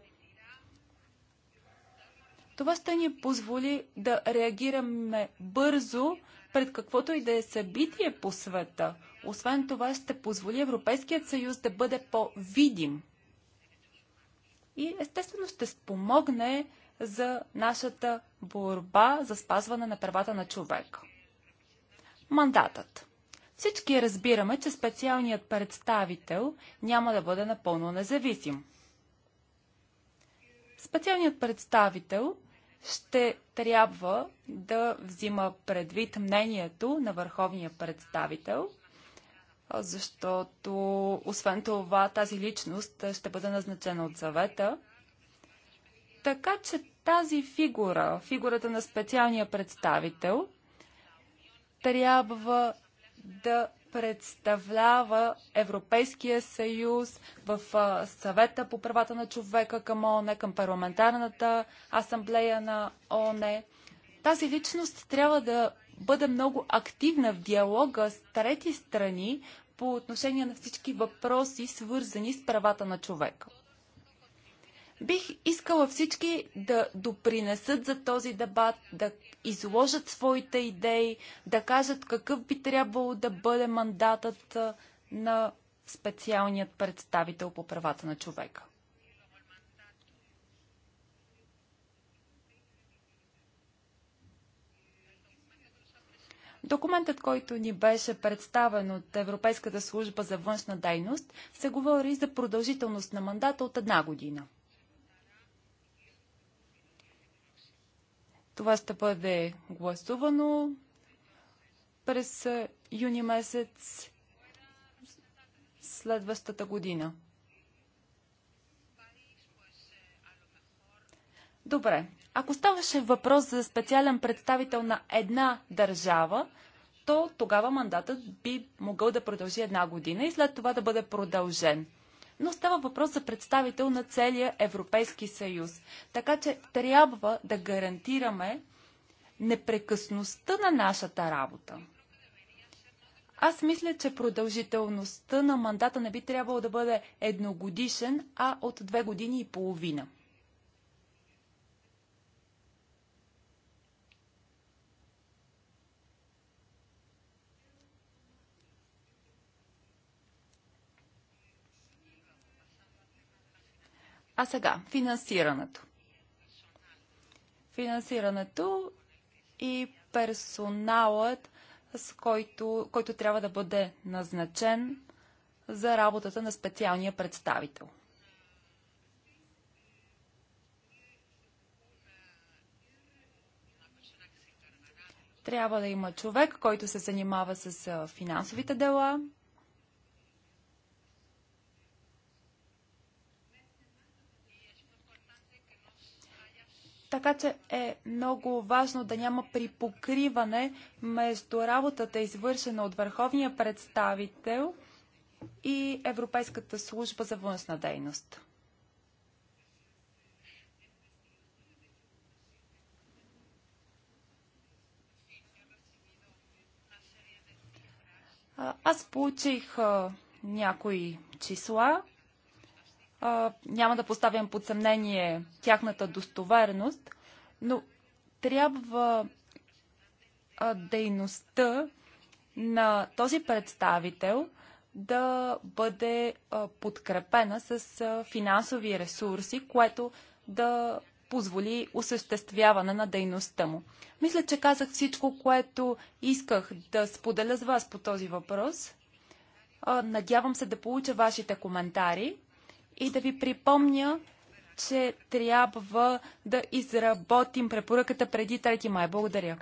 Това ще ни позволи да реагираме бързо пред каквото и да е събитие по света. Освен това ще позволи Европейският съюз да бъде по-видим. И естествено ще спомогне за нашата борба за спазване на правата на човека. Мандатът. Всички разбираме, че специалният представител няма да бъде напълно независим. Специалният представител ще трябва да взима предвид мнението на върховния представител, защото освен това тази личност ще бъде назначена от съвета. Така че тази фигура, фигурата на специалния представител, трябва да представлява Европейския съюз в съвета по правата на човека към ООН, към парламентарната асамблея на ООН. Тази личност трябва да бъде много активна в диалога с трети страни по отношение на всички въпроси, свързани с правата на човека. Бих искала всички да допринесат за този дебат, да изложат своите идеи, да кажат какъв би трябвало да бъде мандатът на специалният представител по правата на човека. Документът, който ни беше представен от Европейската служба за външна дейност, се говори за продължителност на мандата от една година – Това ще бъде гласувано през юни месец следващата година. Добре. Ако ставаше въпрос за специален представител на една държава, то тогава мандатът би могъл да продължи една година и след това да бъде продължен но става въпрос за представител на целия Европейски съюз. Така че трябва да гарантираме непрекъсността на нашата работа. Аз мисля, че продължителността на мандата не би трябвало да бъде едногодишен, а от две години и половина. А сега, финансирането. Финансирането и персоналът, с който, който трябва да бъде назначен за работата на специалния представител. Трябва да има човек, който се занимава с финансовите дела, Така че е много важно да няма припокриване между работата, извършена от върховния представител и Европейската служба за външна дейност. Аз получих някои числа а, няма да поставям под съмнение тяхната достоверност, но трябва а, дейността на този представител да бъде а, подкрепена с а, финансови ресурси, което да позволи осъществяване на дейността му. Мисля, че казах всичко, което исках да споделя с вас по този въпрос. Надявам се да получа вашите коментари и да ви припомня, че трябва да изработим препоръката преди 3 май. Благодаря.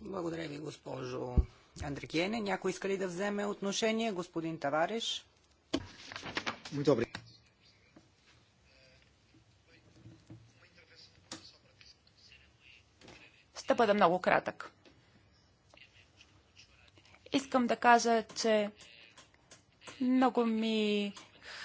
Благодаря ви, госпожо Андрекиене. Някой иска ли да вземе отношение? Господин Тавареш. Добре. Ще бъда много кратък. Искам да кажа, че много ми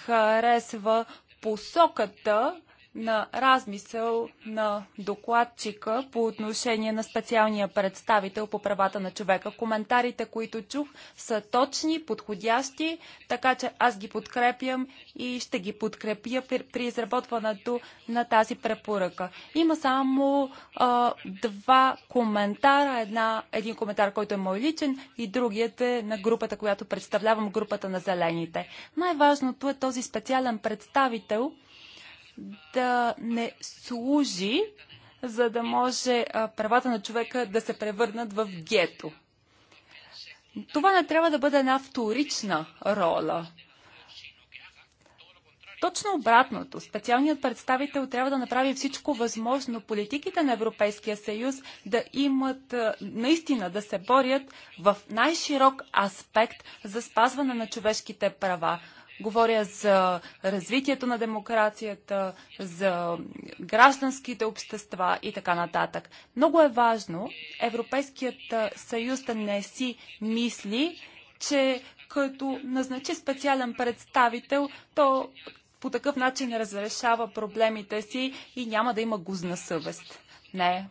харесва посоката, на размисъл на докладчика по отношение на специалния представител по правата на човека. Коментарите, които чух, са точни, подходящи, така че аз ги подкрепям и ще ги подкрепя при изработването на тази препоръка. Има само а, два коментара. Една, един коментар, който е мой личен и другият е на групата, която представлявам, групата на зелените. Най-важното е този специален представител, да не служи, за да може правата на човека да се превърнат в гето. Това не трябва да бъде една вторична роля. Точно обратното. Специалният представител трябва да направи всичко възможно политиките на Европейския съюз да имат наистина да се борят в най-широк аспект за спазване на човешките права. Говоря за развитието на демокрацията, за гражданските общества и така нататък. Много е важно Европейският съюз да не си мисли, че като назначи специален представител, то по такъв начин разрешава проблемите си и няма да има гузна съвест. Не.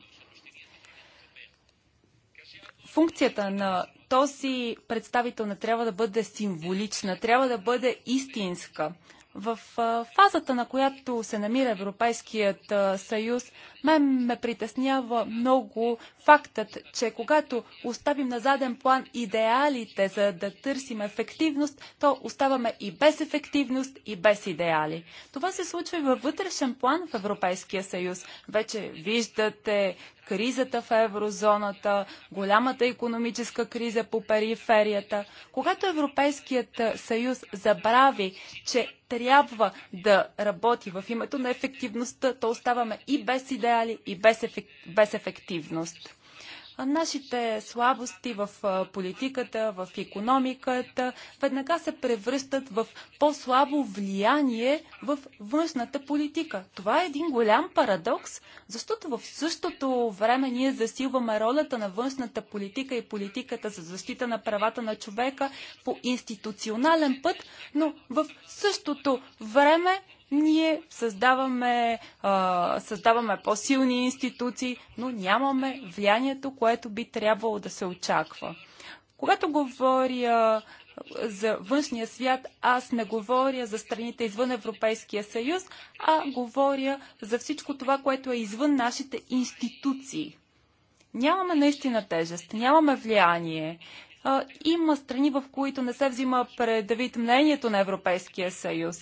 Функцията на този представител не трябва да бъде символична, трябва да бъде истинска. В фазата, на която се намира Европейският съюз, мен ме притеснява много фактът, че когато оставим на заден план идеалите, за да търсим ефективност, то оставаме и без ефективност, и без идеали. Това се случва и във вътрешен план в Европейския съюз. Вече виждате кризата в еврозоната, голямата економическа криза по периферията. Когато Европейският съюз забрави, че трябва да работи в името на ефективността, то оставаме и без идеали, и без, ефек... без ефективност нашите слабости в политиката, в економиката, веднага се превръщат в по-слабо влияние в външната политика. Това е един голям парадокс, защото в същото време ние засилваме ролята на външната политика и политиката за защита на правата на човека по институционален път, но в същото време ние създаваме, а, създаваме по-силни институции, но нямаме влиянието, което би трябвало да се очаква. Когато говоря за външния свят, аз не говоря за страните извън Европейския съюз, а говоря за всичко това, което е извън нашите институции. Нямаме наистина тежест, нямаме влияние има страни, в които не се взима предвид мнението на Европейския съюз.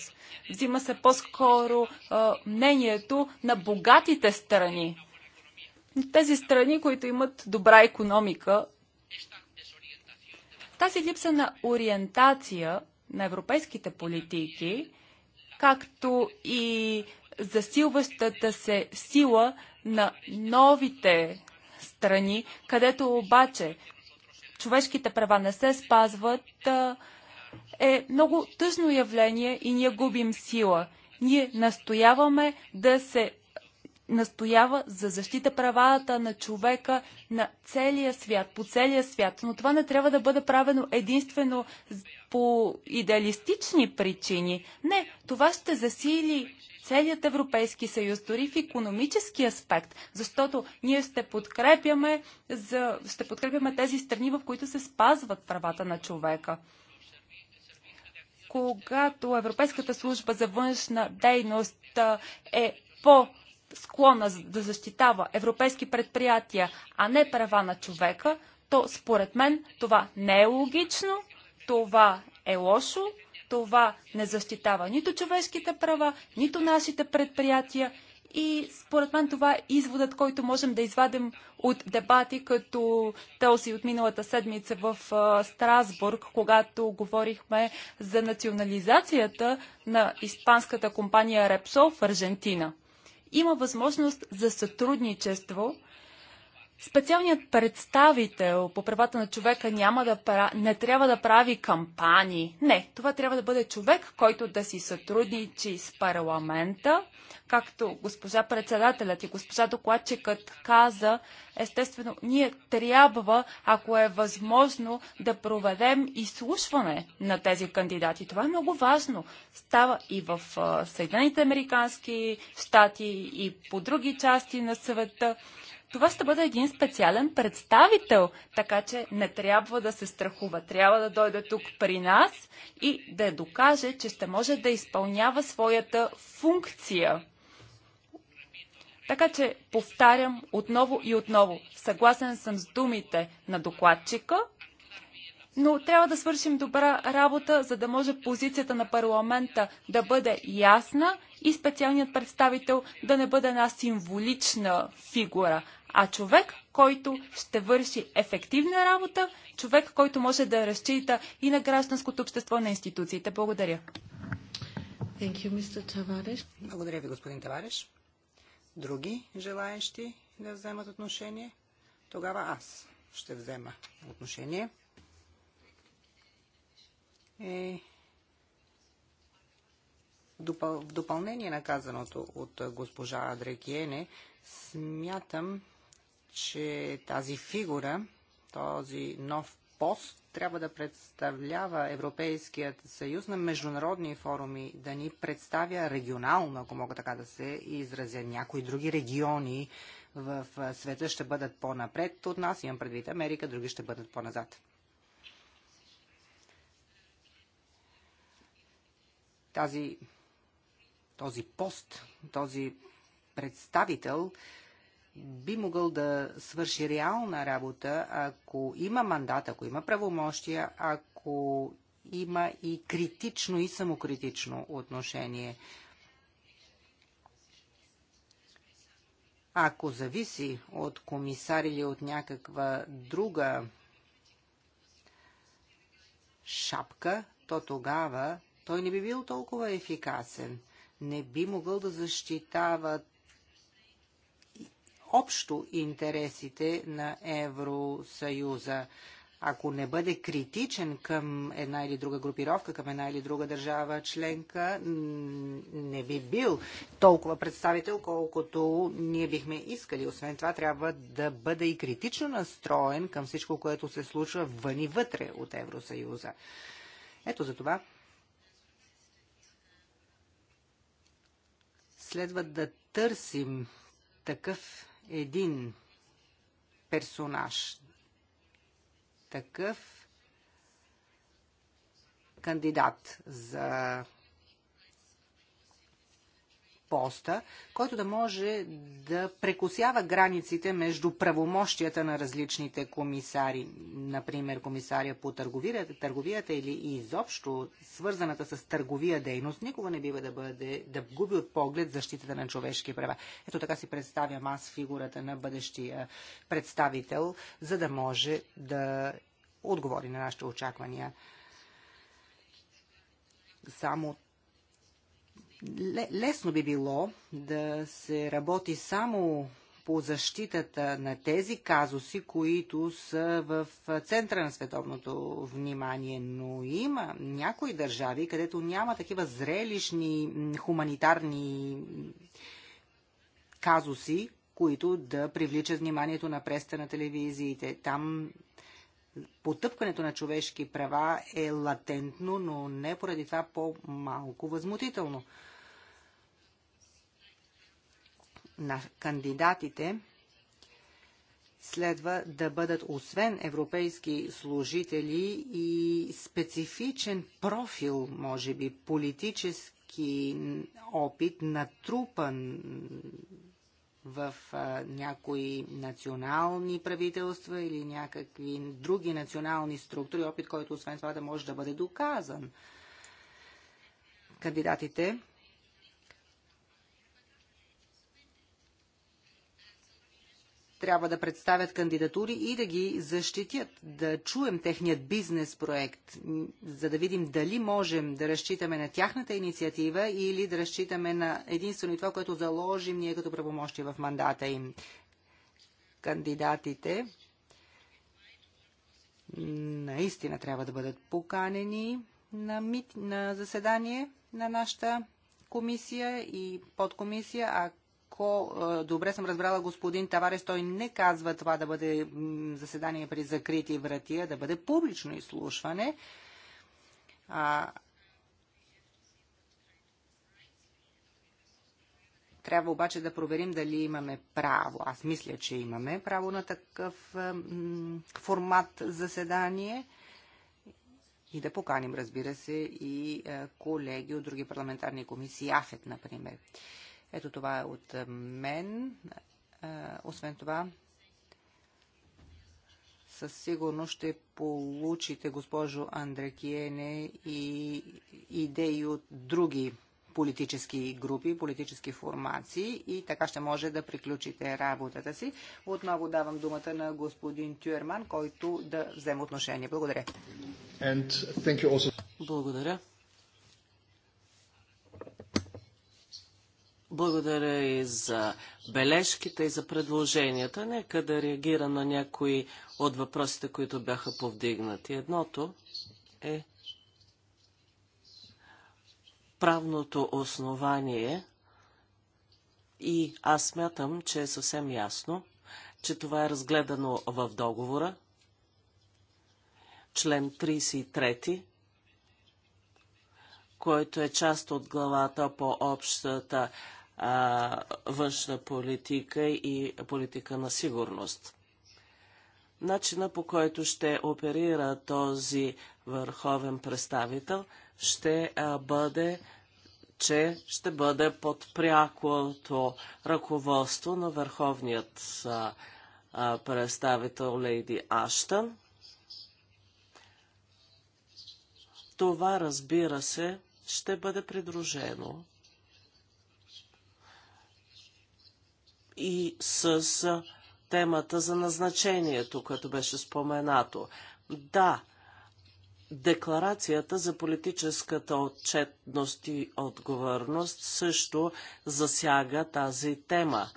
Взима се по-скоро мнението на богатите страни. Тези страни, които имат добра економика. Тази липса на ориентация на европейските политики, както и засилващата се сила на новите страни, където обаче човешките права не се спазват, е много тъжно явление и ние губим сила. Ние настояваме да се настоява за защита правата на човека на целия свят, по целия свят. Но това не трябва да бъде правено единствено по идеалистични причини. Не, това ще засили целият Европейски съюз, дори в економически аспект, защото ние ще подкрепяме, за, ще подкрепяме тези страни, в които се спазват правата на човека когато Европейската служба за външна дейност е по склона да защитава европейски предприятия, а не права на човека, то според мен това не е логично, това е лошо, това не защитава нито човешките права, нито нашите предприятия. И според мен това е изводът, който можем да извадим от дебати, като този от миналата седмица в Страсбург, когато говорихме за национализацията на испанската компания Репсол в Аржентина. Има възможност за сътрудничество Специалният представител по правата на човека няма да пра... не трябва да прави кампании. Не, това трябва да бъде човек, който да си сътрудничи с парламента, както госпожа председателят и госпожа докладчикът каза, естествено, ние трябва, ако е възможно, да проведем изслушване на тези кандидати. Това е много важно. Става и в Съединените Американски щати, и по други части на света това ще бъде един специален представител, така че не трябва да се страхува. Трябва да дойде тук при нас и да докаже, че ще може да изпълнява своята функция. Така че повтарям отново и отново. Съгласен съм с думите на докладчика, но трябва да свършим добра работа, за да може позицията на парламента да бъде ясна и специалният представител да не бъде една символична фигура, а човек, който ще върши ефективна работа, човек, който може да разчита и на гражданското общество, на институциите. Благодаря. Thank you, Mr. Tavares. Благодаря ви, господин Тавареш. Други желаящи да вземат отношение? Тогава аз ще взема отношение. Е, допъл... В допълнение на казаното от госпожа Адрекиене, смятам, че тази фигура, този нов пост, трябва да представлява Европейският съюз на международни форуми, да ни представя регионално, ако мога така да се изразя, някои други региони в света ще бъдат по-напред от нас, имам предвид Америка, други ще бъдат по-назад. Тази, този пост, този представител, би могъл да свърши реална работа, ако има мандат, ако има правомощия, ако има и критично и самокритично отношение. Ако зависи от комисар или от някаква друга шапка, то тогава той не би бил толкова ефикасен. Не би могъл да защитава общо интересите на Евросъюза. Ако не бъде критичен към една или друга групировка, към една или друга държава членка, не би бил толкова представител, колкото ние бихме искали. Освен това, трябва да бъде и критично настроен към всичко, което се случва вън и вътре от Евросъюза. Ето за това следва да търсим такъв един персонаж, такъв кандидат за поста, който да може да прекусява границите между правомощията на различните комисари, например комисария по търговията, търговията или изобщо свързаната с търговия дейност, никога не бива да, бъде, да губи от поглед защитата на човешки права. Ето така си представям аз фигурата на бъдещия представител, за да може да отговори на нашите очаквания. Само Лесно би било да се работи само по защитата на тези казуси, които са в центъра на световното внимание. Но има някои държави, където няма такива зрелищни хуманитарни казуси, които да привличат вниманието на преста на телевизиите. Там потъпкането на човешки права е латентно, но не поради това по-малко възмутително. На кандидатите следва да бъдат освен европейски служители и специфичен профил, може би, политически опит, натрупан в а, някои национални правителства или някакви други национални структури, опит, който освен това да може да бъде доказан. Кандидатите трябва да представят кандидатури и да ги защитят, да чуем техният бизнес проект, за да видим дали можем да разчитаме на тяхната инициатива или да разчитаме на единствено и това, което заложим ние като правомощие в мандата им. Кандидатите наистина трябва да бъдат поканени на, мит, на заседание на нашата комисия и подкомисия, а ако добре съм разбрала господин Таварес, той не казва това да бъде заседание при закрити вратия, да бъде публично изслушване. А, Трябва обаче да проверим дали имаме право. Аз мисля, че имаме право на такъв формат заседание. И да поканим, разбира се, и колеги от други парламентарни комисии, АФЕТ, например. Ето това е от мен. Е, освен това, със сигурност ще получите, госпожо Андрекиене, и идеи от други политически групи, политически формации и така ще може да приключите работата си. Отново давам думата на господин Тюерман, който да вземе отношение. Благодаря. And thank you also. Благодаря. Благодаря и за бележките и за предложенията. Нека да реагира на някои от въпросите, които бяха повдигнати. Едното е правното основание и аз смятам, че е съвсем ясно, че това е разгледано в договора, член 33, който е част от главата по общата а, външна политика и политика на сигурност. Начина по който ще оперира този върховен представител ще а, бъде че ще бъде под прякото ръководство на върховният а, а, представител Лейди Аштън. Това, разбира се, ще бъде придружено и с темата за назначението, което беше споменато. Да, декларацията за политическата отчетност и отговорност също засяга тази тема.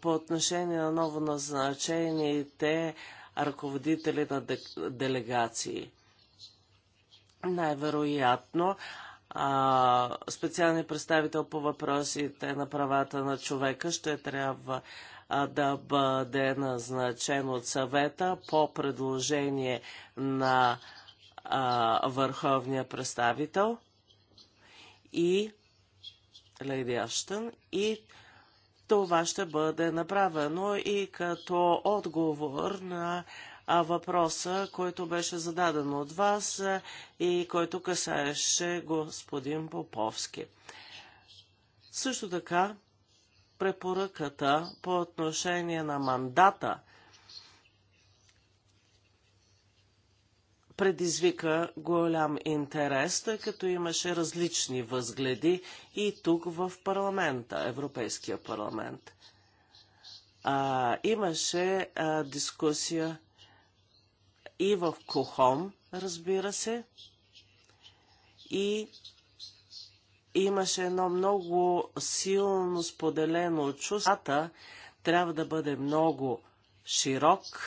По отношение на ново назначените ръководители на делегации. Най-вероятно а, специални представител по въпросите на правата на човека ще трябва а, да бъде назначен от съвета по предложение на а, върховния представител и Лейди Аштън и това ще бъде направено и като отговор на въпроса, който беше зададен от вас и който касаеше господин Поповски. Също така, препоръката по отношение на мандата предизвика голям интерес, тъй като имаше различни възгледи и тук в парламента, Европейския парламент. А, имаше а, дискусия и в Кохом, разбира се. И имаше едно много силно споделено чувство. Трябва да бъде много широк,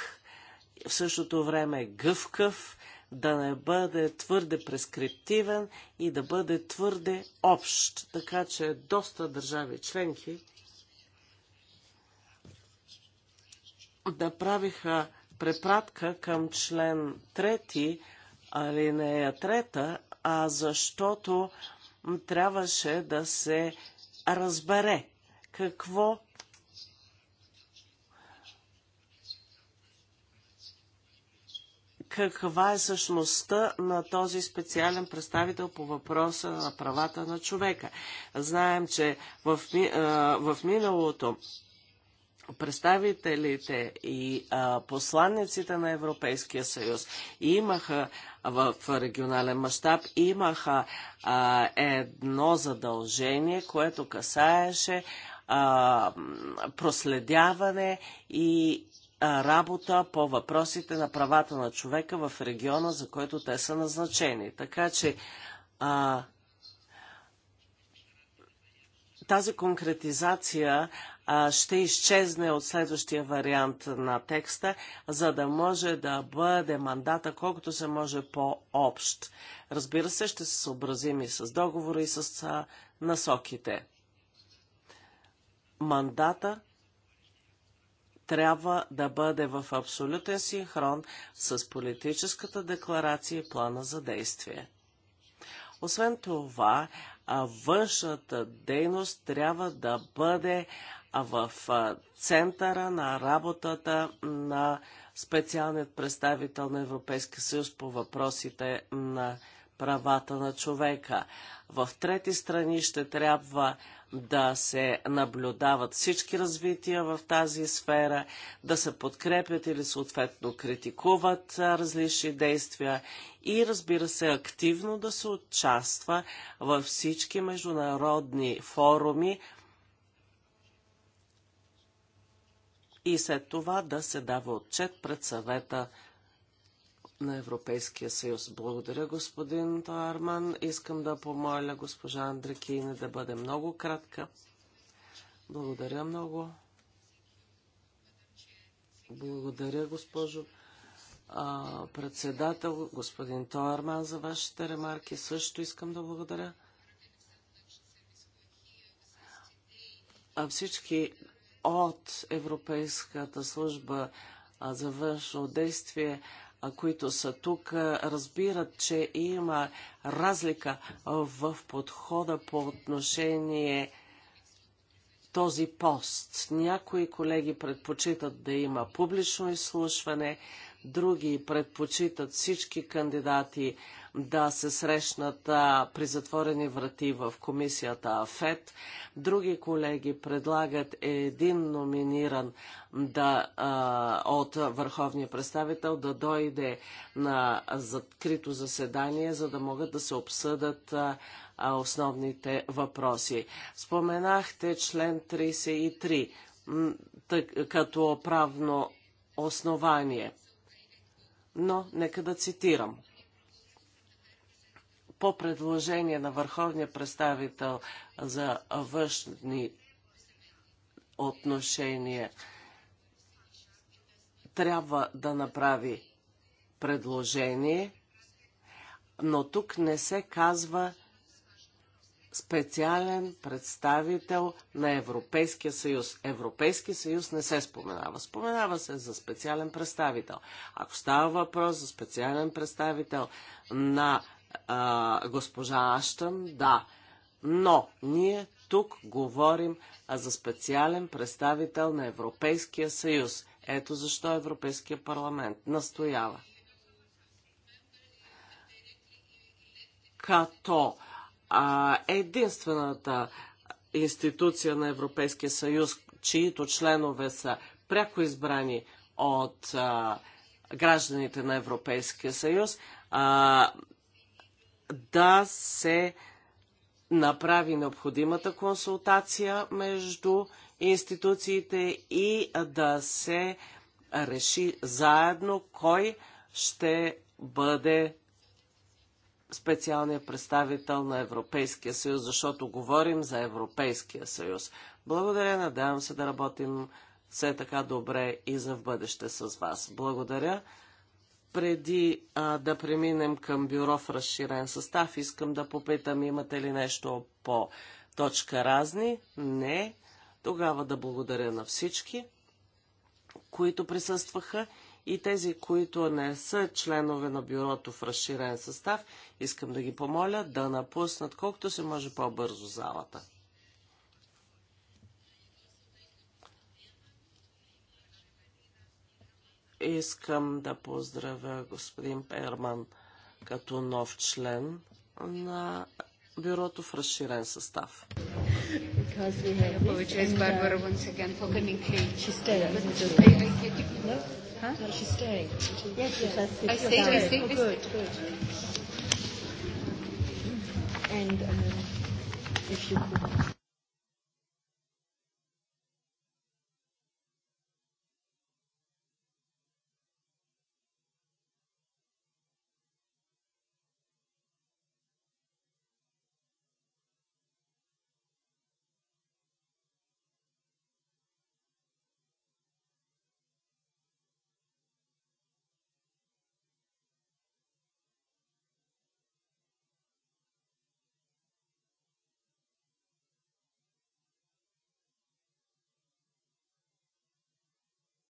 в същото време гъвкав, да не бъде твърде прескриптивен и да бъде твърде общ. Така че доста държави членки направиха препратка към член 3, алинея 3, а защото трябваше да се разбере какво каква е същността на този специален представител по въпроса на правата на човека. Знаем, че в, в миналото представителите и а, посланниците на Европейския съюз имаха в регионален мащаб имаха а, едно задължение, което касаеше а, проследяване и работа по въпросите на правата на човека в региона, за който те са назначени. Така че а, тази конкретизация ще изчезне от следващия вариант на текста, за да може да бъде мандата колкото се може по-общ. Разбира се, ще се съобразим и с договора и с насоките. Мандата трябва да бъде в абсолютен синхрон с политическата декларация и плана за действие. Освен това, външната дейност трябва да бъде в центъра на работата на специалният представител на Европейския съюз по въпросите на правата на човека. В трети страни ще трябва да се наблюдават всички развития в тази сфера, да се подкрепят или съответно критикуват различни действия и разбира се активно да се участва във всички международни форуми, и след това да се дава отчет пред съвета на Европейския съюз. Благодаря, господин Тоарман. Искам да помоля госпожа Андрекина да бъде много кратка. Благодаря много. Благодаря, госпожо а, председател, господин Тоарман, за вашите ремарки. Също искам да благодаря. А всички от Европейската служба за външно действие, които са тук, разбират, че има разлика в подхода по отношение този пост. Някои колеги предпочитат да има публично изслушване, други предпочитат всички кандидати да се срещнат при затворени врати в комисията ФЕД. Други колеги предлагат един номиниран да, а, от върховния представител да дойде на закрито заседание, за да могат да се обсъдат а, основните въпроси. Споменахте член 33 тък, като правно основание. Но нека да цитирам по предложение на върховния представител за външни отношения трябва да направи предложение, но тук не се казва специален представител на Европейския съюз. Европейски съюз не се споменава. Споменава се за специален представител. Ако става въпрос за специален представител на а, госпожа Аштън, да. Но ние тук говорим за специален представител на Европейския съюз. Ето защо Европейския парламент настоява. Като а, единствената институция на Европейския съюз, чието членове са пряко избрани от а, гражданите на Европейския съюз, а, да се направи необходимата консултация между институциите и да се реши заедно кой ще бъде специалният представител на Европейския съюз, защото говорим за Европейския съюз. Благодаря, надявам се да работим все така добре и за в бъдеще с вас. Благодаря преди а, да преминем към бюро в разширен състав, искам да попитам, имате ли нещо по точка разни? Не. Тогава да благодаря на всички, които присъстваха и тези, които не са членове на бюрото в разширен състав, искам да ги помоля да напуснат колкото се може по-бързо залата. Искам да поздравя господин Перман като нов член на бюрото в разширен състав. And um, if you could.